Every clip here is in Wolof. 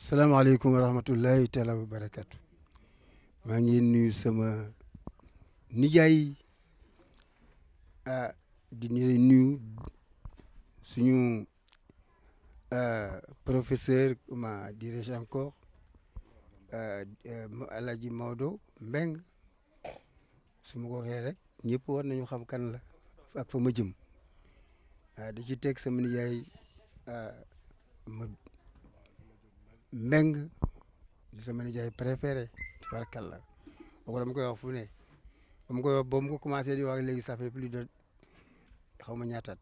salaamaaleykum wa rahmatullahi taala wa barakaatu maa ngi nuyu sama nijaay ah di nuyu suñu ah, professeur comment dirais-je encore ah, ah, El Hadj Maodo Mbengue su ma ko waxee rek ñëpp war nañu xam kan la ak fa ma di ci teg sama nijaay ma. Mbengue di sama nijaay préféré tubarkalla boobu dama koy wax fu ne ba mu koy wax ba mu ko di wax léegi ça fait plus de xaw ma ñaataat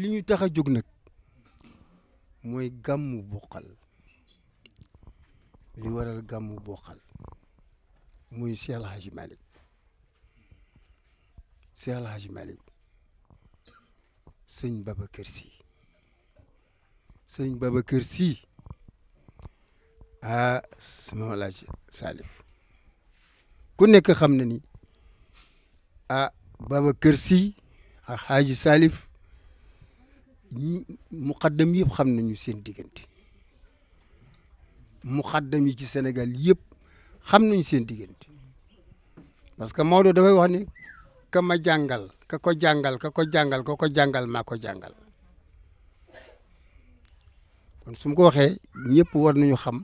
li ñu tax a jóg nag mooy gàmmu boqal li waral gàmmu boqal muy Cheikh El Hadj Malick Cheikh El Hadj Malick sëñ Babacar Sy sëñ Babacar Sy ah sama laaj Salif ku nekk xam na ni ah Babacar Sy ak Hadji Salif muqaddam yëpp xam nañu seen diggante muqaddam yi ci Sénégal yëpp xam nañu seen diggante parce que Maodo dafay wax ni kama ma jàngal ka ko jàngal ka ko jàngal ka ko jàngal maa ko jàngal kon su ma ko waxee ñëpp war nañu xam.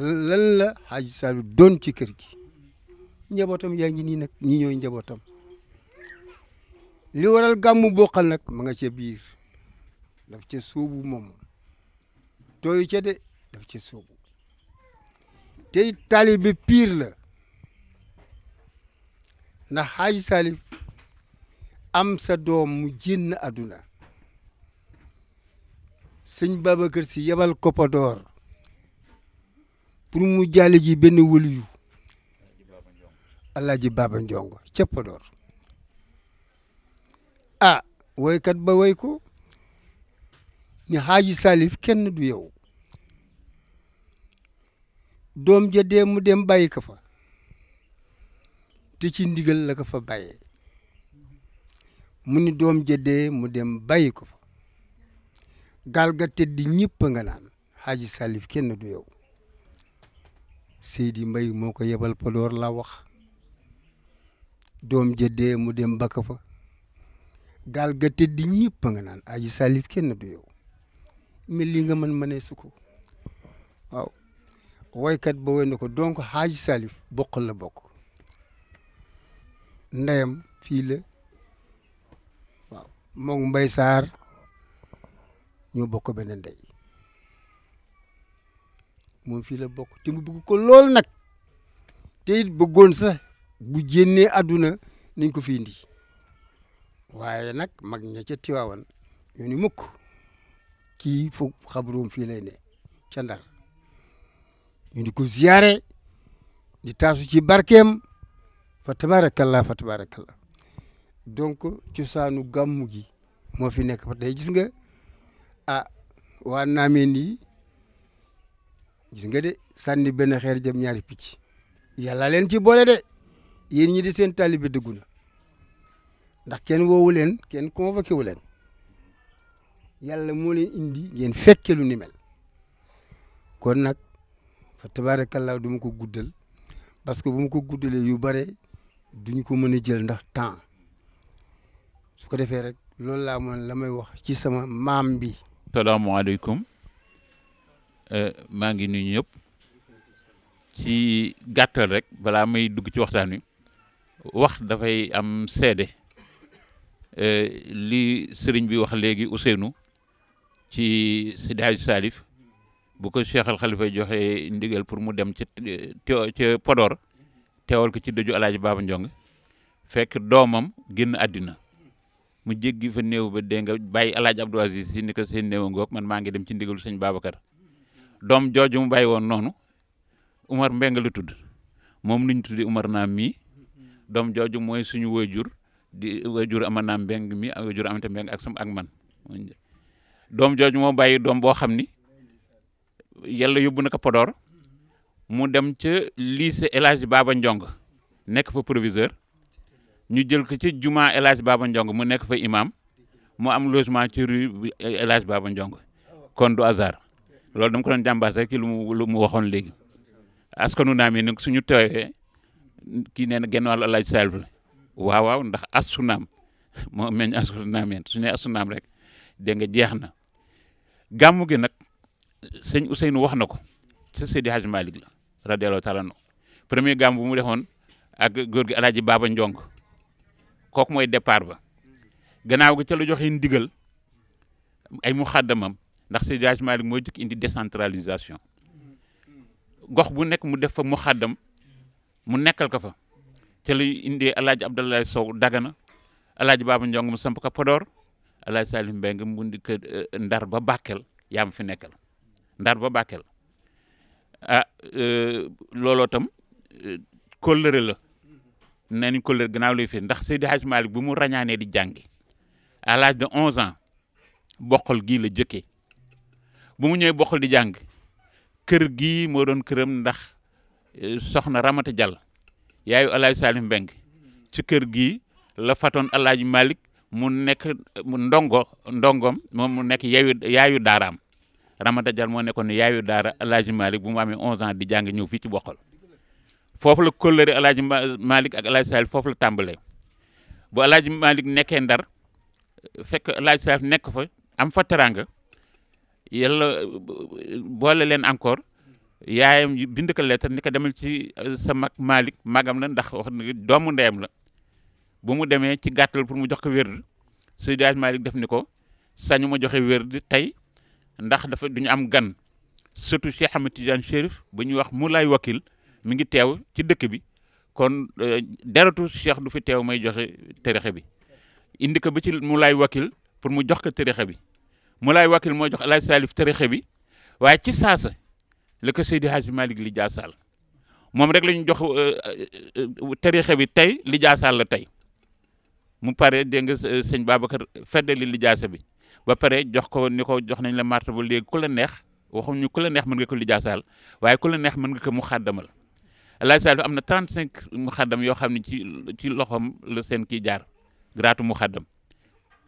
lan la Hadj Sall doon ci kër gi njabootam yaa ngi nii nag ñi ñooy njabootam li waral gàmmu bokkal nag ma nga ca biir daf ca sóobu moom tooyu ca de daf ca sóobu tey taalibe piir la ndax Hadj Salif am sa doom mu génn àdduna sëñ Babacar si yebal Koppadoor pour mu jaale ji benn wëliyu alaaji Baba Ndiongo ca Podor ah woykat ba woy ko ni xaaji Salif kenn du yow doom ja mu dem bàyyi ko fa te ci ndigal la ko fa bàyyee mu ni doom ja mu dem bàyyi ko fa gaal ga tëdd ñëpp a nga naan xaaji Salif kenn du yow Seydi Mbay moo ko yebal Podor la wax doom jëddee mu dem bakk fa gaal ga tëdd ñëpp a nga naan aji salif kenn du yow mais nga mën mane su ko waaw woykat ba woy na ko donc aji salif bokk la bokk ndeyam fii la Mbay Saar ñoo bokk benn ndey moom fii la bokk te mu bugg ko lool nag te it bëggoon sax bu jénnee àdduna nañ ko fi indi waaye nag mag ña ca Tiwaawan ñu ni mukk kii foog xabroom fii lay ne ca Ndar ñu di ko ziyaare di taasu ci barkeem fa tabaarakallaa fa tabaarakallaa donc cosaanu gàmmu gi moo fi nekk fa tey gis nga ah waa naameen yi gis nga de sànni benn xeer jëm ñaari picc yàlla leen ci boole de yéen ñi di seen taalibe dëggu ndax kenn woowu leen kenn convoqué wu leen yàlla moo indi ngeen fekke lu ni kon nag fa tabaarakallaa du ma ko guddal parce que bu ma ko guddalee yu bare duñ ko mën a jël ndax temps su ko defee rek loolu laa moon la may wax ci sama maam bi salaamaaleykum Euh, maa ngi nuyu ñëpp ci gàttal rek balaa may dugg ci waxtaan wi wax dafay am seede euh, li sëriñ bi wax léegi Ousseynou ci Seydi Salif bu ko Cheikh Al joxe ndigal pour mu dem ca ca Podor teewal ko ci dëju Alaaji Baaba Njong fekk doomam génn àddina mu jéggi fa néew ba dégg nga bàyyi Alaaji Abdou Aziz si ni ko seen néew ngoog man maa ngi dem ci ndigalu sëñ Babacar doom jooju mu bàyyi woon noonu Umar Mbeng lu tudd moom la ñu tuddi Umar naam mii doom jooju mooy suñu waajur di waajur ama naam mbeng mii ak waajur amate mbeng ak sam ak man doom jooju moo bàyyi doom boo xam ni yàlla yóbbu na ko Podor mu dem ca lycée élage Hadj Baba Ndiong nekk fa proviseur ñu jël ko ci juma El Hadj Baba Ndiong mu nekk fa imam mu am logement ci rue El Baba Ndiong kon du hasard loolu dama ko doon jàmbaas rek ci lu mu waxoon léegi askanu naam yi nag suñu teewee kii nee na genn wàllu alaaj Sall waaw waaw ndax asu naam moo meñ asu naam rek dégg nga jeex na gàmmu gi nag sëñ Ousseynou wax na ko ci Seydi Hadj Malick la radiyallahu taala premier gàmm bu mu defoon ak góor gi alaaji Baba Njong kooku mooy départ ba gannaaw gi ca la joxe ndigal ay muxaddamam ndax Seydi Hadji Malick moo jëkk indi décentralisation gox bu nekk mu def fa mu xàddam mu nekkal ko fa ca lay indee El Hadj Abdoulaye Sow Dagana El Hadj Baba Ndiong mu samp ko Podor El Hadj Salim mu indi eh, Ndar ba Bakel yaa ma fi nekkal Ndar ba Bakel ah eh, looloo tam eh, kóllëre la nee nañ kóllëre gannaaw lay fi ndax Seydi Hadji Malick bu mu ràññaanee di jàngi à l'âge de onze ans boqal gii la jëkkee bu mu ñëwee bokkal di jàng kër gi moo doon këram ndax eh, soxna Ramata Jàll yayu Alaaji Salim Mbeng ci kër gi la fatoon Alaaji Malick mu nekk ndongo ndongom moom mu nekk yaayu yaayu daaraam Ramata Jàll moo nekkoon yayu daara Alaaji Malick bu mu amee 11 ans di jàng ñëw fii ci bokkal foofu la kóllëre Alaaji Malick ak Alaaji Salim foofu la tàmbalee bu Alaaji Malick nekkee Ndar fekk Alaaji Salim nekk fa am fa yàlla boole leen encore yaayam bind ko lettre ni ko demal ci euh, sa mag Malick magam la ndax wax doomu ndeyam la ba mu demee ci gàttal pour mu jox ko wérd Seydi Hadj Malick def ni ko sañu ma joxe wérd tey ndax dafa duñu am gan surtout Cheikh Ahmed Tidiane Chérif bu ñuy wax mu lay wakil mi ngi teew ci dëkk bi kon euh, deratu Cheikh du fi teew may joxe tarixa bi indi ko ba ci mu lay wakil pour mu jox ko tarixa bi mu laay wakil moo jox El Hadj Salif tarixe bi waaye ci saasa la ko Seydi Hadji Malick li jaasaal moom rek la ñu jox euh, euh, euh, tarixe bi tey li la tey mu pare dégg nga sëñ Babacar feddali li jaasa bi ba pare jox ko ni ko jox nañ la marte ba léegi ku la neex waxuñu ku la neex mën nga ko li jaasaal waaye ku la neex mën nga ko mu xàddamal El Hadj am na 35 mu xàddam yoo xam ne ci ci loxoom la seen kii jaar garaatu mu xàddam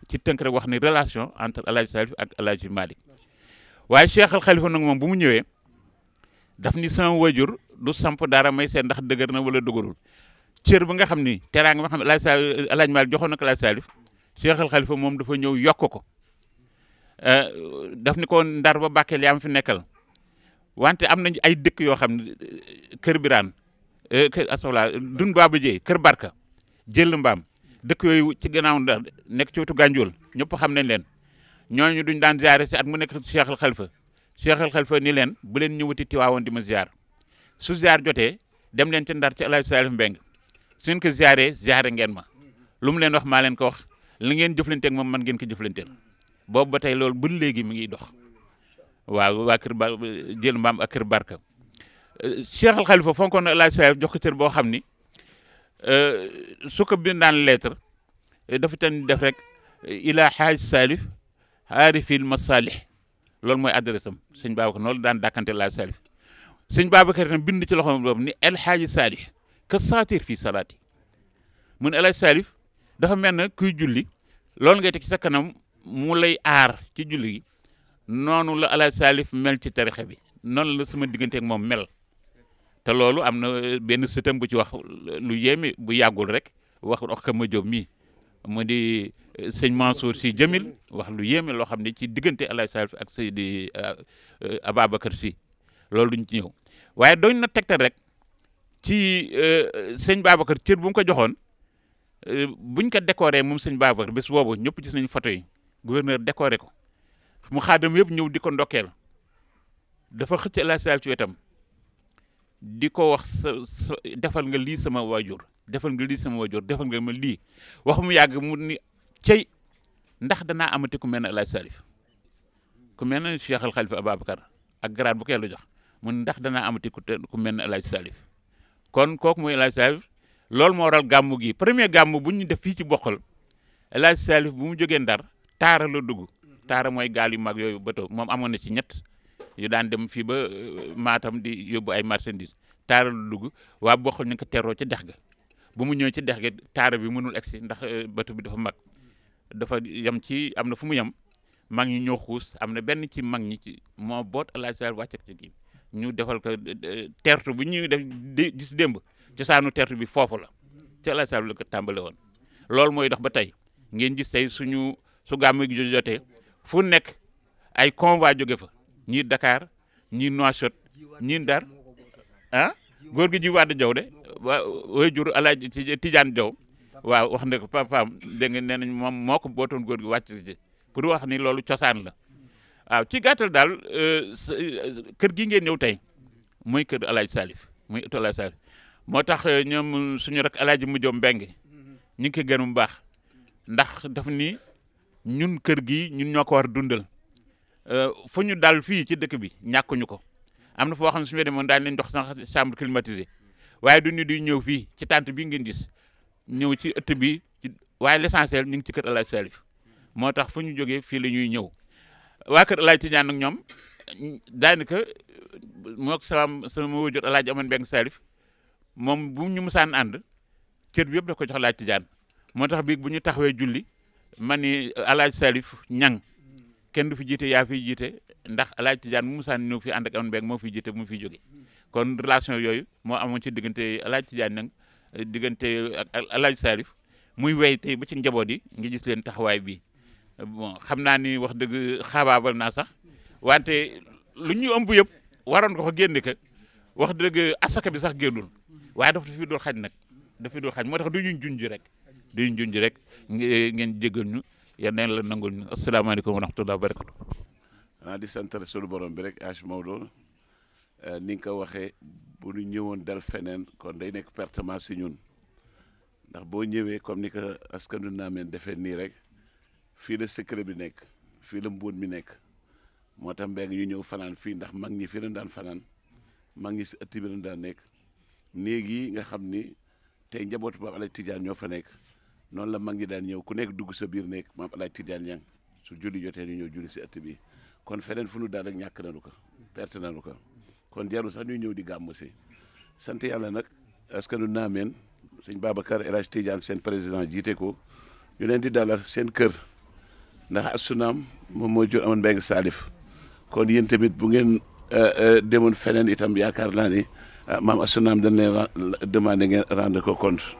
ci tënk rek wax ni relation entre El Hadj Salif ak El Hadj waaye Cheikh Al Khalifa nag moom bu mu ñëwee daf ni sama wajur du samp dara may seen ndax dëgër na walla dëgërul cër bi nga xam ni teraanga nga xam ne El Hadj Salif El Hadj Malick Salif Cheikh Khalifa moom dafa ñëw yokko ko euh, daf ni ko ndar ba Bakel yaa am fi nekkal wante am nañ ay dëkk yoo xam ne kër Birane euh, Asola Dun Baba Dieye kër Barka jël mbaam dëkk yooyu ci gannaaw ndax nekk ci wetu Gànjool ñëpp xam nañ leen ñooñu duñ daan ziare si at mu nekk Cheikh al Xalifa Cheikh al Xalifa ni leen bu leen ñëwati Tiwaawoon di ma ziar su ziar jotee dem leen ci Ndar ci El Hadj Mbeng suñ ko ziaree ziare ngeen ma lu mu leen wax maa leen ko wax li ngeen jëflanteeg moom man ngeen ko jëflanteel boobu ba tey loolu ba léegi mi ngi dox waaw waa kër ba jël mbaam ak kër barka Cheikh al Xalifa fonkoon na El Hadj Salif jox boo xam ni Euh, su ko bindaan lettre eh, dafa tan def rek eh, ila xaaj salif aarifil masalih loolu mooy adresse am sëñ Babacar noonu daan dàkkante laa salif sëñ Babacar bind ci loxoom boobu ni fii salaati mu ne El Hadji dafa mel ne kuy julli loolu ngay teg ci sa lay aar ci julli noonu la El Hadji mel ci tarixa bi noonu la sama digganteek moom mel te loolu am na euh, benn sëtam bu ci wax lu yéeme bu yàggul rek wax wax ma jóob mii mu di euh, sëñ Mansour si Jamil wax lu yéeme loo xam ne ci diggante El Hadj Salif ak Seydi euh, Ababacar si loolu duñ ci ñëw waaye doñ na tegtal rek ci sëñ Babacar cër bu mu ko joxoon buñ ko décoré moom sëñ Babacar bés boobu ñëpp gis nañ photo yi gouverneur décoré ko mu xaadam yëpp ñëw di ko ndokkeel dafa xëcc El Hadj Salif ci wetam di ko wax sa sa defal nga lii sama waajur defal nga li sama waajur defal nga ma lii wax mu yàgg mu ni cey ndax danaa amati ku mel ne El Hadj ku mel ne Cheikh Al Khalifa Ababacar ak grade bu ko jox mu ndax danaa amati ku te ku mel ne El Hadj kon kooku mooy El Hadj Salif loolu moo waral gàmmu gi premier gàmmu bu ñu def fii ci bokkal El Hadj bu mu jógee ndar taara la dugg taara mooy gaal yu mag yooyu bato moom amoon na ci ñett. yu daan dem fii ba euh, maatam di yóbbu ay marchandises taaralu dugg waa bokkul ñu ko teroo ci dex ga bu mu ñëwee ci dex ga taara bi mënul egsi ndax euh, bato bi dafa mag dafa yem ci am na fu mu yem mag ñi ñoo xuus am na benn ci mag ñi ci moo boot El Hadj Sarr wàcce ci ñu defal ko tertu bu ñuy def gis démb ci saanu tertu bi foofu la ci El Hadj Sarr tàmbale woon loolu mooy dox ba tey ngeen gis tey suñu su gàmmu gi jotee fu nekk ay convoi jóge fa ñii Dakar ñii Nouakchott ñii Ndar ah góor gi ji waat jaw de waa way jur Alaaji waaw wax ne ko papaam dégg nga nee nañ moom moo ko bootoon góor gi wàcc ci pour wax ni loolu cosaan la waaw ci gàttal daal euh, euh, kër gi ngeen ñëw tey muy kër Alaaji Salif muy ëttu Alaaji moo tax euh, ñoom suñu rek Alaaji Mujjo Mbeng ñu ngi koy gën bu baax ndax daf nii ñun kër gii ñun ñoo ko war dundal Euh, fu ñu dal fii ci dëkk bi ñàkkuñu ko am na foo xam ne su ñu demoon daañu leen jox sax chambre climatisée waaye du ñu di ñëw fii ci tànt bi ngeen gis ñëw ci ëtt bi waaye l'essentiel ñu ngi ci kër El Hadj moo tax fu ñu jógee fii la ñuy ñëw waa kër El Hadj Tidiane ñoom daanaka moog sama sama wóor jot El Hadj Aman Mbeng Salif moom bu ñu musaan ànd cër bi yëpp da ko jox El Hadj Tidiane moo tax bii bu ñu taxawee julli ma ni El Hadj Salif ñang kenn du fi jiite yaa fiy jiite ndax alaaj Tijaan mu musaan ñëw fi ànd ak am beeg moo fiy jiite mu fiy jóge kon relation yooyu moo amoon ci diggante alaaj Tijaan nag diggante ak alaaj Sarif muy wey tey ba ci njaboot yi nga gis leen taxawaay bi bon xam naa ni wax dëgg xaabaabal naa sax wante lu ñu ëmb yëpp waroon ko fa génne ka wax dëgg asaka bi sax génnul waaye dafa fi dul xaj daf dafa fi dul xaj moo tax du ñu junj rek du ñu junj rek ngeen jéggal ñu yéen neen la nangul ñu asalaamaaleykum wa rahmatulah barakatu ah di sant sunu borom bi rek Hadj Maodo eh, ni nga ko waxee bu ñu ñëwoon dal feneen kon day nekk pertement si ñun ndax boo ñëwee comme ni ko askanu naameen defee nii rek fii la secret bi nekk fii la mbóot mi nekk moo ta mbéy ñu ñëw fanaan fii ndax mag ñi fii la daan fanaan mag ñi si ëtt lañ daan nekk néeg yi nga xam ni te tey njabootu ba Alaaji tiijaan ñoo fa nekk. noonu la mag ñi daan ñëw ku nekk dugg sa biir nekk maam El Hadj Tidiane Niang su julli jotee ñu ñëw julli si ëtt bi kon feneen fu nu daal rek ñàkk nañu ko perte nañu ko kon jarul sax ñuy ñëw di gàmm si sant yàlla nag askanu naameen sëñ Babacar El Hadj Tidiane seen président jiite ko ñu leen di dalal seen kër ndax asunaam moom moo jur amoon mbéy saalif kon yéen tamit bu ngeen euh, euh, demoon feneen itam yaakaar naa ni ah, maam asunaam dañ leen demandé ngeen rendre ko compte.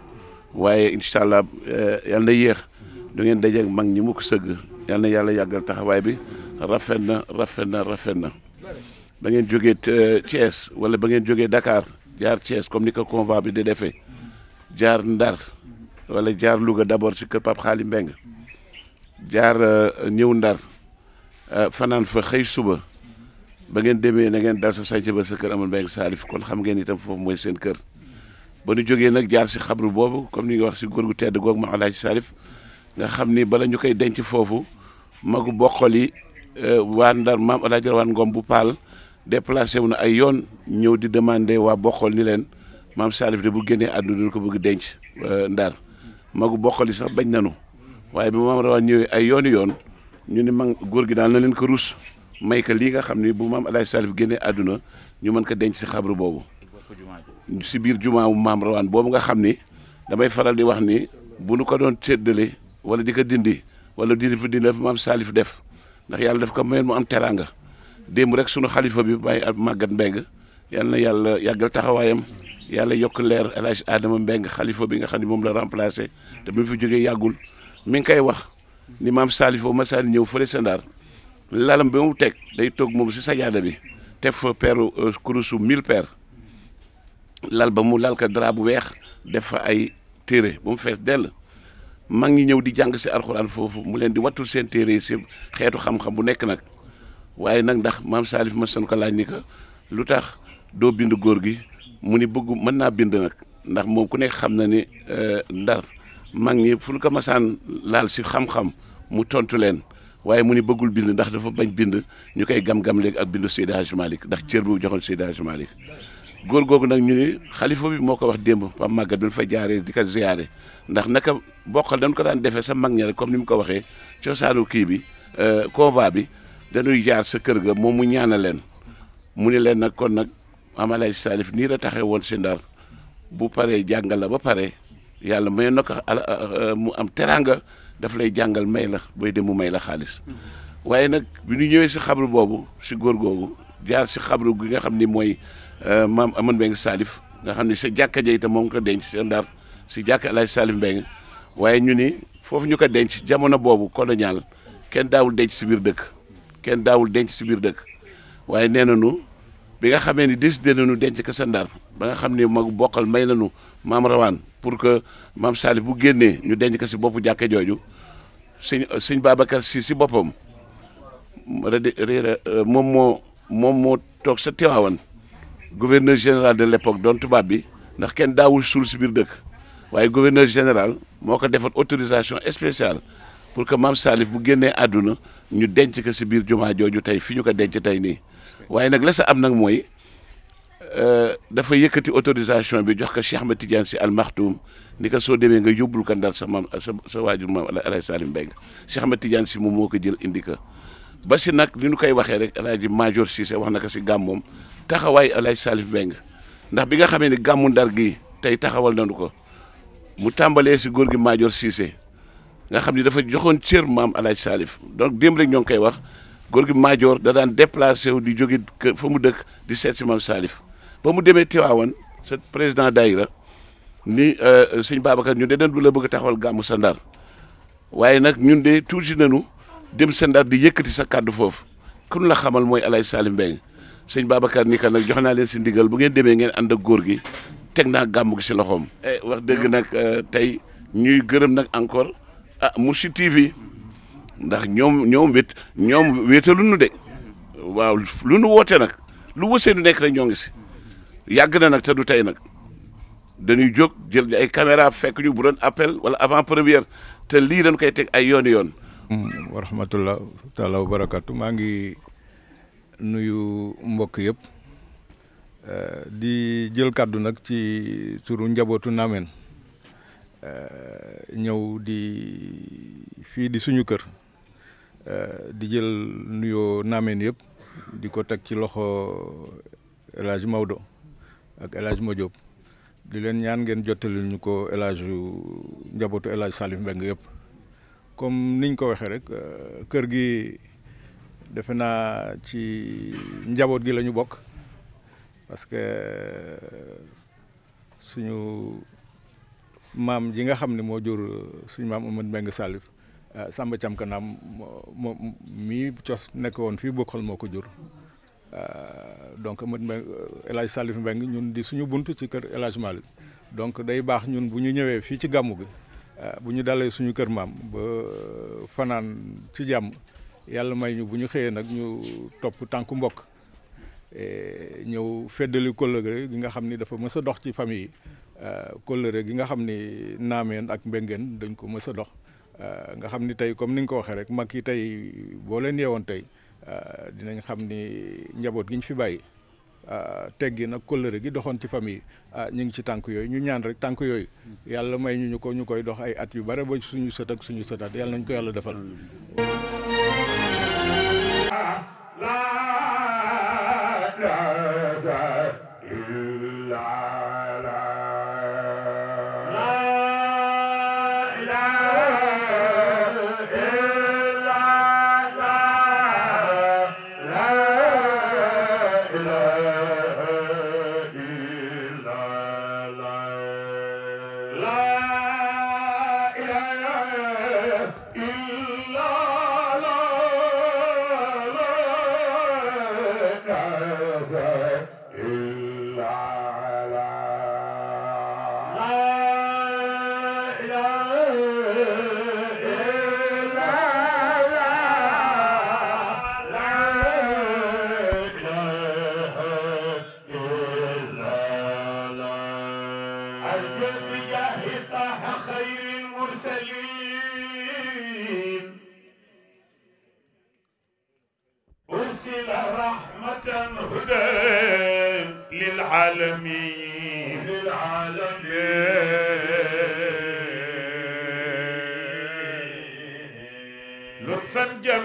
waaye incha allah eh, yal na yéex du ngeen dajeeg mag ñi mu sëgg yàlla na yàlla yàggal taxawaay bi rafet na rafet na rafet na ba ngeen jógee eh, Thiès wala ba ngeen jógee dakaar jaar Thiès comme ni ko convoi bi di defee jaar Ndar walla jaar Louga d'abord ci kër Pape Xaali Mbeng jaar eh, ñëw Ndar fanaan fa xëy suba ba ngeen demee na ngeen dal sa sànc ba sa kër amul Mbeng Salif kon xam ngeen itam foofu mooy seen kër ba nu jógee nag jaar si xabru boobu comme ni nga wax si góor gu tedd googu ma alaaji Salif nga xam ni bala ñu koy denc foofu magu boqol yi euh, waa Ndar maam alaaji Rawaan Ngom bu Paal déplacé wu na ay yoon ñëw di demandé waa boqol ni leen maam Salif de bu génnee àdduna du ko bëgg denc euh, Ndar magu boqol yi sax bañ nanu waaye bi maam Rawaan ñëwee ay yooni yoon ñu ni man góor gi daal na leen ko ruus may ka lii nga xam ni bu maam alaaji Salif génnee àdduna ñu mën ko denc si xabru boobu. si biir jumaa maam rawaan boobu nga xam ni damay faral di wax ni bu nu ko doon séddale wala di ko dindi wala di fa dindi maam Salif def ndax yàlla daf ko mayoon mu am teraanga démb rek sunu xalifa bi may màggat mbeng yal na yàlla yàggal taxawaayam yàlla yokk leer El Adama Mbeng xalifa bi nga xam ne moom la remplacé te bi mu fi jógee yàggul mi ngi koy wax ni maam Salif ba masaan ñëw fële sa Ndar lalam bi mu teg day toog moom si sajaada bi teg fa peeru euh, lal ba mu lal ka drap bu weex def fa ay téere ba mu fees dell mag ñi ñëw di jàng si alxuraan foofu mu leen di wattul seen téere yi si xeetu xam-xam bu nekk nag waaye nag ndax maam Salif ma san ko laaj ni ko lu tax doo bind góor gi mu ni bëgg mën naa bind nag ndax moom ku nekk xam na ni eh, ndar mag ñi fu ñu ko masaan laal si xam-xam mu tontu leen waaye mu ni bëggul bind ndax dafa bañ bind ñu koy gam-gam léegi ak bindu Seydi Hadji Malick ndax cër bu joxoon Seydi góor googu nag ñu ni xalifa bi moo ko wax démb pam màggat bi fa jaaree di ko ziyaare ndax naka bokkal dañ ko daan defee sa mag ña rek comme ni mu ko waxee cosaanu kii bi euh, convoi bi dañuy jaar sa kër ga moom mu ñaana leen mu ni leen nag kon nag amalay saalif nii la taxee woon si ndar bu paree jàngal ba pare yàlla may na ko euh, mu am teraanga daf lay jàngal may la booy dem mu may la xaalis mm-hmm. waaye nag bi ñu ñëwee si xabru boobu si góor googu jaar si xabru gi nga xam ni mooy Euh, maam Amadou Mbengue Salif nga xam ne sa jàkka ja itam moom ko denc sa ndar si jàkka El Hadj Salif Mbengue waaye ñu ni foofu ñu ko denc jamono boobu colonial kenn daawul denc si biir dëkk kenn daawul denc si biir dëkk waaye nee nañu bi nga xamee ni décidé nu denc ka sa ndar ba nga xam ne mag bokkal may nañu maam rawaan pour que maam Salif bu génnee ñu denc ko si boppu jàkka jooju sëñ sëñ Babacar si si boppam euh, moom moo moom moo toog sa Tiwaawan gouverneur général de l'époque doon tubaab bi ndax kenn daawul suul si biir dëkk waaye gouverneur général moo ko defat autorisation spéciale pour que maam Salif bu génnee àdduna ñu denc ko si biir jumaa jooju tey fi ñu ko denc tey nii waaye nag la sa am nag mooy euh, dafa yëkkati autorisation bi jox ko Cheikh Ahmed Tidiane Sy Al Maktoum ni ko soo demee nga yóbbul ko Ndar sa maam sa sa waajur maam El Hadj Salim Mbengue Cheikh Ahmed Tidiane Sy moom moo ko jël indi ko ba si nag li ñu koy waxee rek El Hadj Major Cissé wax na ko si gàmmoom taxawaay Alaaji Salif Mbengue ndax bi nga xamee ni gàmmu ndar gi tey taxawal nañu ko mu tàmbalee si góor gi Maajoor Cissé nga xam ni dafa joxoon cër maam Alaaji Salif donc démb rek ñoo ngi koy wax góor gi Maajoor da daan déplacé di jóge kër fa mu dëkk di seet si maam ba mu demee Tiwaawan sa président daayira ni euh, sëñ Babacar ñu de den du la bëgg taxawal gàmmu sa ndar waaye nag ñun de tuuti nañu dem sa ndar di yëkkati sa kàddu foofu kun la xamal mooy Alaaji Salif Mbengue sëñ Babacar ni ka nag jox naa leen si ndigal bu ngeen demee ngeen ànd ak góor gi teg naa gàmm gi si loxoom. Eh, wax dëgg nag eh, tey ñuy gërëm nag encore ah Mourchid TV ndax ñoom ñoom wét ñoom wéetalu nu de waaw lu nu woote nag lu wësee nu nekk rek ñoo ngi si yàgg na nag te du tey nag dañuy jóg jël ay caméra fekk ñu bu doon appel wala avant première te lii dañ koy teg ay yooni yoon. Mm, wa rahmatullah taala barakatu maa ngi. nuyu mbokk yëpp euh, di jël kàddu nag ci turu njabootu Namène euh, ñëw di fii di suñu kër euh, di jël nuyoo Namène yëpp di ko teg ci loxo El Hadj ak El Hadj di leen ñaan ngeen jottali ñu ko El njabootu El Hadj Salif Mbengue yëpp comme niñ ko waxee rek kër gi. defe naa ci njaboot gi la ñu bokk parce que suñu maam ji nga xam ni moo jur suñu maam Amadou Mbengue Salif ah, Samba Thiam Kanam moo mii cos nekk woon fii bokkal moo ko jur ah, donc Amadou Mbengue euh, El Hadj mbeng Mbengue ñun di suñu bunt ci kër El Hadj donc day baax ñun bu ñu ñëwee fii ci gàmmu gi ah, bu ñu dalee suñu kër maam ba euh, fanaan ci jàmm yàlla may ñu bu ñu xëyee nag ñu topp tànku mbokk e, ñëw feddali kóllëre gi nga xam ni dafa mës a dox ci famille yi e, kóllëre gi nga xam ni naameen ak mbéngeen dañ ko mës a dox e, nga xam ni tey comme ni nga ko waxee rek mag yi tey boo leen yeewoon tey dinañ xam ni njaboot gi ñu fi bàyyi teggi nag kóllëre gi doxoon ci famille ñu ngi ci tànk yooyu ñu ñaan rek tànk yooyu yàlla may ñu ñu ko ñu koy dox ay at yu bare ba suñu sët ak suñu sëtaat yàlla nañ ko yàlla defal لا إله إلا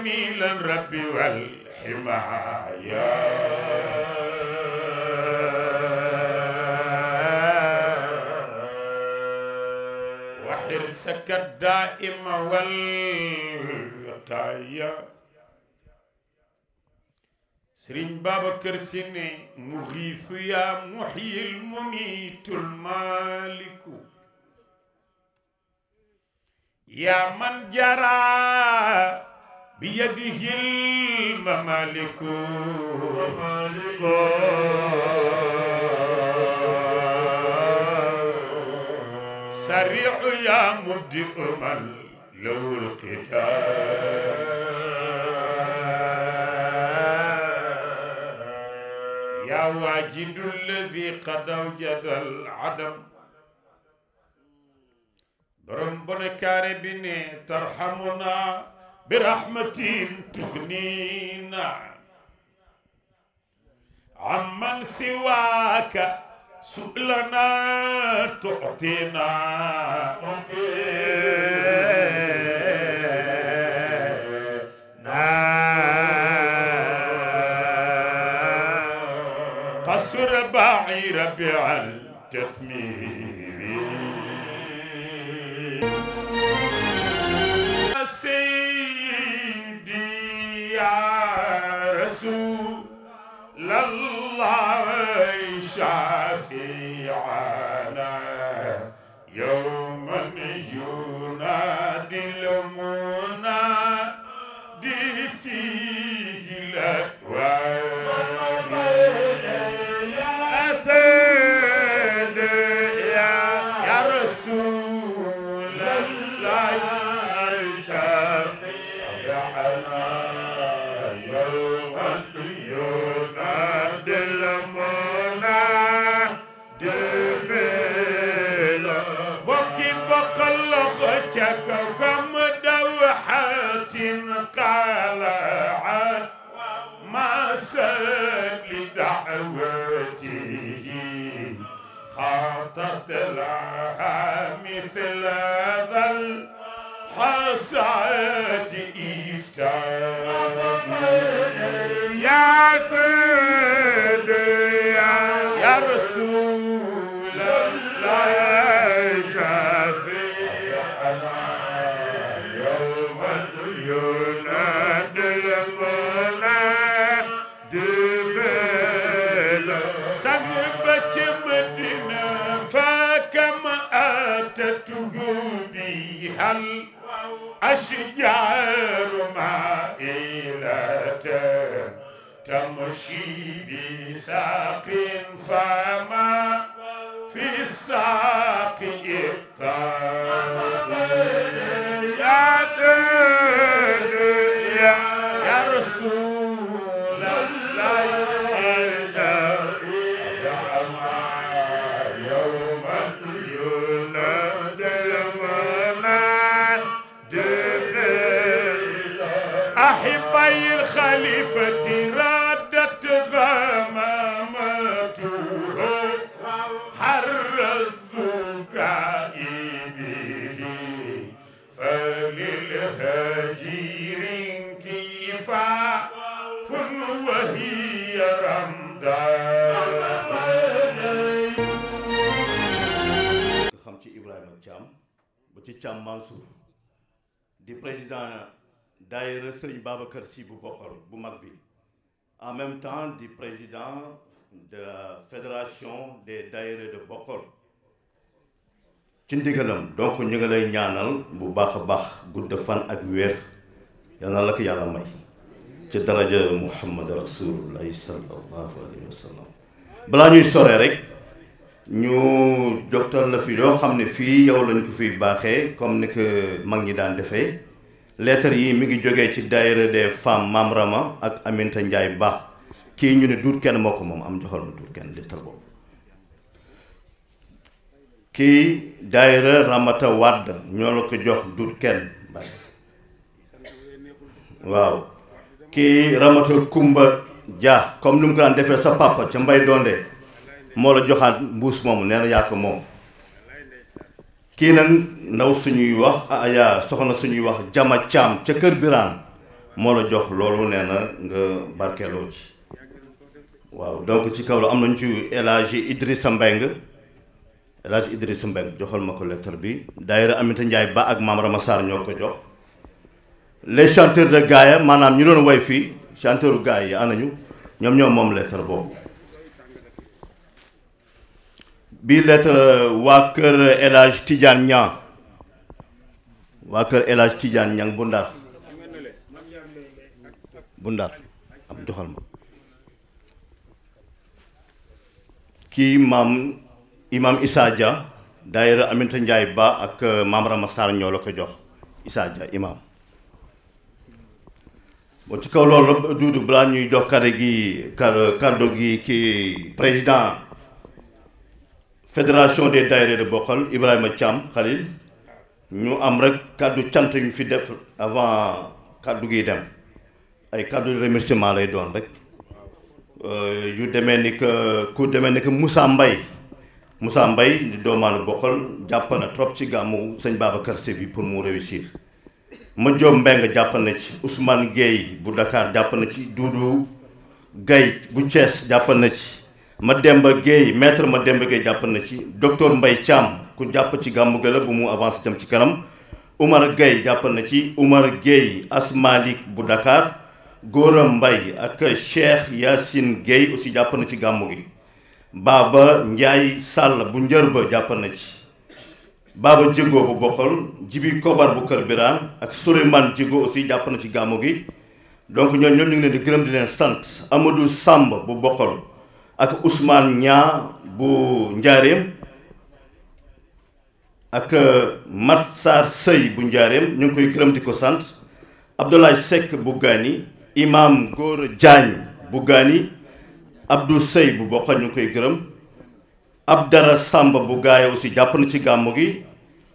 جميلا ربي والحماية وحرصك الدائم والوقاية سرين بابا كرسيني مغيث يا محيي المميت المالك يا من جرى بيده الممالك سريع يا مبدئ من له القتال يا واجد الذي قد اوجد العدم برم بنكار بني ترحمنا برحمة تغنينا عمن سواك سؤلنا تعطينا قصر بعير بعل تطمير السعادة إفتان يا سيدي أشجار مائلة تمشي بساق فما في الساق إبقار Thiam Mansour di président daayira Sëriñ Babacar Sy bu bokkar bu mag bi en même temps di président de la fédération des daayira de Bokkol ci ndigalam donc ñu ngi lay ñaanal bu baax a baax gudd fan ak weer yal na la ko yàlla may ci daraja Muhammad rasulullahi sallallahu alayhi wa sallam ñuy soree rek ñu joxtal la fi yoo xam ne fii yow lañ ko fiy baaxee comme ni mag ñi daan defee lettre yi mi ngi jógee ci daayira des femmes Maam Rama ak Aminta Ndiaye Ba kii ñu ne duut kenn moo ko moom am joxal ma duut kenn lettre boobu kii daayira Ramata Wàdd ñoo la ko jox duut kenn waaw kii Ramata Kumba Dia comme ni mu ko daan defee sa papa ca mbay doonde moo la joxaat mbuus moomu nee na yaa moom kii nag ndaw suñuy wax aya ah, soxna suñuy wax jama caam ca kër biraan moo la jox loolu nee na nga barkeeloo ci waaw donc ci kaw la am nañ ci El Hadj Idrissa Mbeng El Hadj Idrissa Mbeng joxal ma ko lettre bi daayira Aminata Ndiaye Ba ak Maam Rama Sarr ñoo ko jox les de gaaya maanaam ñu doon way fii chanteuru gaay yi anañu ñoom ñoom moom lettre boobu bii lettre waa kër El Hadj Tidiane waa kër El Hadj Tidiane bu Ndar bu Ndar am joxal ma kii maam imam Issa Dia daayira Aminata Ndiaye Ba ak euh, maam Rama ñoo la ko jox Issa Dia imam bon ci kaw loolu duudu balaa ñuy jox kare gi kar kàddu gi ki président fédération des daayira de Bokhol Ibrahima Thiam Khalil ñu am rek kàddu cant ñu fi def avant kàddu gi dem ay kàddu remerciement lay doon rek euh, yu demee ni ko ku demee ni que Moussa mbay Moussa mbay di doomaanu Bokhol jàpp na trop ci gàmmu sëñ Babacar Sy bi pour mu réussir ma Diop Mbengue jàpp na ci Ousmane Gueye bu ndakaar jàpp na ci Doudou Gaye bu cees jàpp na ci. ma Mademba Gueye ma Mademba Gueye jàpp na ci docteur Mbaye Thiam ku jàpp ci gàmmu ga la bu mu avancé jëm ci kanam Oumar gay jàpp na ci Oumar Gueye Asmalik bu Dakar Gora Mbaye ak Cheikh Yacine Gueye aussi jàpp na ci gàmmu gi Baba Ndiaye sàll bu njër ba jàpp na ci Baba Djigo bu bokkal Jibi Kobar bu Kër Biraan ak Souleymane Djigo aussi jàpp na ci gàmmu gi donc ñooñu ñoom ñu ngi leen di gërëm di leen sant Amadou Samb bu bokkal ak usmaan ñaa bu Njaareem ak euh, Mat Sarr Sëy bu Njaareem ñu ngi koy gërëm di ko sant Abdoulaye Seck bu Gaani Imam Góora Diagne bu Gaani Abdou Sëy bu Bokka ñu koy gërëm Abdara Samba bu Gaaya aussi jàpp na ci gàmmu gi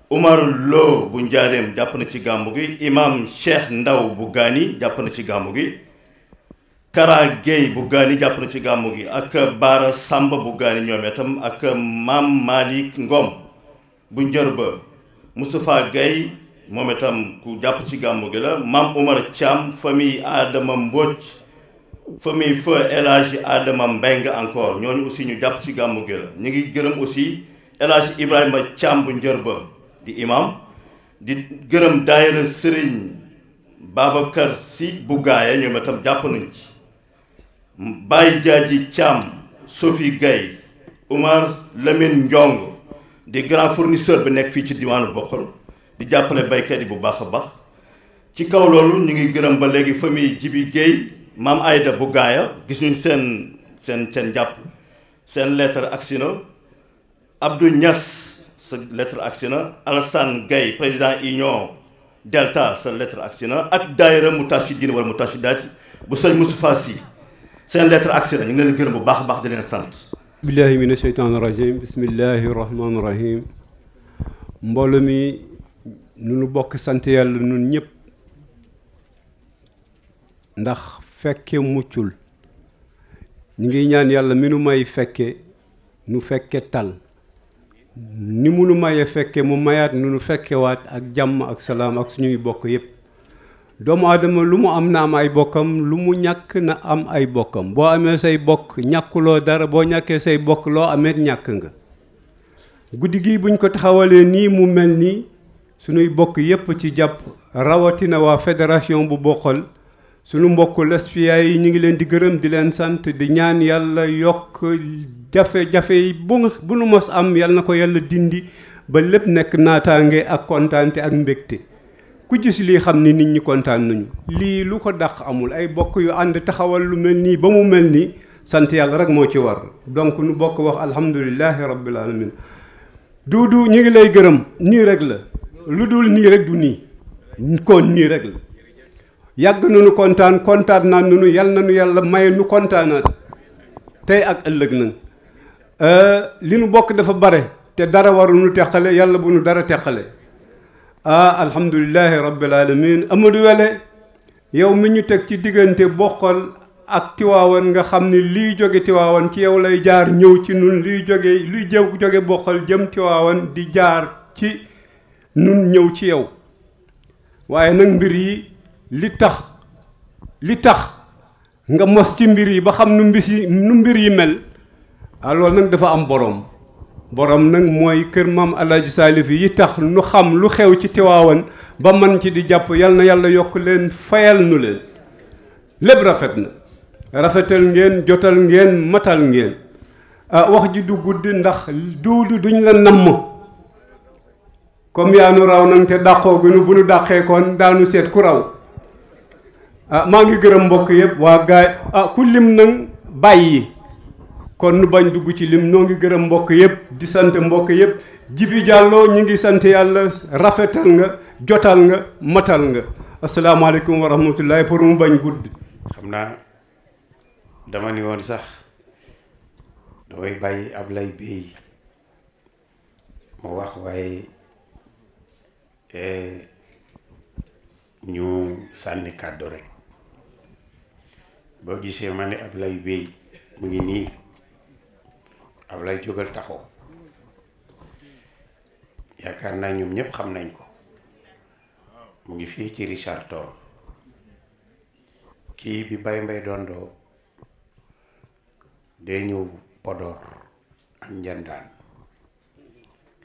Umar Lo bu Njaareem jàpp na ci gàmmu gi Imam Cheikh Ndaw bu Gaani jàpp na ci gàmmu gi Kara Gueye bu gaani jàpp ci gàmmu gi ak Baara Samba bu gaani ñoom itam ak Maam Malick Ngom bu njër ba Moustapha Gueye moom itam ku jàpp ci gàmmu gi la Maam Omar Thiam famille Adama Mbodj famille feu El Adama Mbeng encore ñooñu aussi ñu jàpp ci gàmmu gi ñu ngi gërëm aussi El Hadj Ibrahima Thiam bu njër ba di imam di gërëm daayira Serigne Babacar Sy bu gaaya ñoom itam jàpp nañ Baye Diadji Thiam Sophie Gaye Oumar Lamine Ndiong di grand fournisseur bi nekk fii ci diwaanu Bokhol di jàppale baykat yi bu baax a baax ci kaw loolu ñu ngi gërëm ba léegi famille Jibi Guèye maam Aïda bu gaaya gis ñu seen seen seen jàpp seen lettre agsi na Abdou Niass sa lettre agsi na Alassane Guèye président union Delta sa lettre agsi na ak daayira Moustarchidine wala Moustarchidaty bu sëñ Moustapha Sy seen lettre bu baax a baax di leen sant. billahi mina sheytaani rajim bismillahi rahmaani rahim mbooloo mi nu nu bokk sant yàlla nun ñëpp ndax fekke muccul ñu ngi ñaan yàlla mi nu may fekke nu fekke tal ni mu nu mayee fekke mu mayaat nu nu fekkewaat ak jàmm ak salaam ak suñuy bokk yëpp doomu aadama lu mu am na am ay bokkam lu mu ñàkk na am ay bokkam boo amee say bokk ñàkkuloo dara boo ñàkkee say bokk loo amee ñàkk nga guddi gi buñ ko taxawalee nii mu mel nii suñuy bokk yépp ci jàpp rawatina waa fédération bu bokkal suñu mbokk lesbiens yi ñu ngi leen di gërëm di leen sant di ñaan yàlla yokk jafe-jafe yi bu nu mos am yàlla na ko yàlla dindi ba lépp nekk naataange ak kontaante ak mbégte ku gis lii xam ni nit ñi kontaan nañu lii lu ko dàq amul ay bokk yu ànd taxawal lu mel nii ba mu mel nii sant yàlla rek moo ci war donc nu bokk wax alhamdulilahi rabbil alamin duudu ñu ngi lay gërëm nii rek la lu dul nii rek du nii kon nii rek la yàgg nañu kontaan kontaan naan nañu yal nañu yàlla maye nu kontaanaat tey ak ëllëg nag euh, li nu bokk dafa bare te dara waru nu teqale yàlla bu nu dara teqale ah alhamdulilahi rabbil alamin Amadou Wele yow mi ñu teg ci diggante bokkal ak tiwaawan nga xam ni liy jóge tiwaawan ci yow lay jaar ñëw ci nun liy jóge luy jëw jóge bokkal jëm tiwaawan di jaar ci nun ñëw ci yow waaye nag mbir yi li tax li tax nga mos ci mbir yi ba xam nu mbis yi nu mbir yi mel ah loolu nag dafa am boroom borom nag mooy kër maam alaaji saalif yi tax nu xam lu xew ci tiwaawan ba man ci di jàpp yal na yàlla yokk leen fayal nu leen lépp rafet na rafetal ngeen jotal ngeen matal ngeen ah, wax ji du gudd ndax duudu duñ la namm kom yaa nu raw nag te dàqoo gënu bu nu dàqee kon daanu seet ku raw ah, maa ngi gërëm mbokk yëpp waa gaay ah, ku lim nag bàyyi kon nu bañ dugg ci lim noo ngi gërëm mbokk yëpp di sant mbokk yëpp Jibi Jàlloo ñu ngi sant yàlla rafetal nga jotal nga matal nga asalaamaaleykum wa rahmatullahi pour mu bañ gudd xam naa dama ni woon sax damay bàyyi ab lay béy mu wax waaye eh, ñu sànni kàddu rek boo gisee ma ne ab lay béy mu ngi nii Ablaye jógal taxaw yaakaar naa ñoom ñëpp xam nañ ko mu ngi fii ci Richard Toll kii bi Baye Mbaye Dondoo day ñëw podoor ak njandaan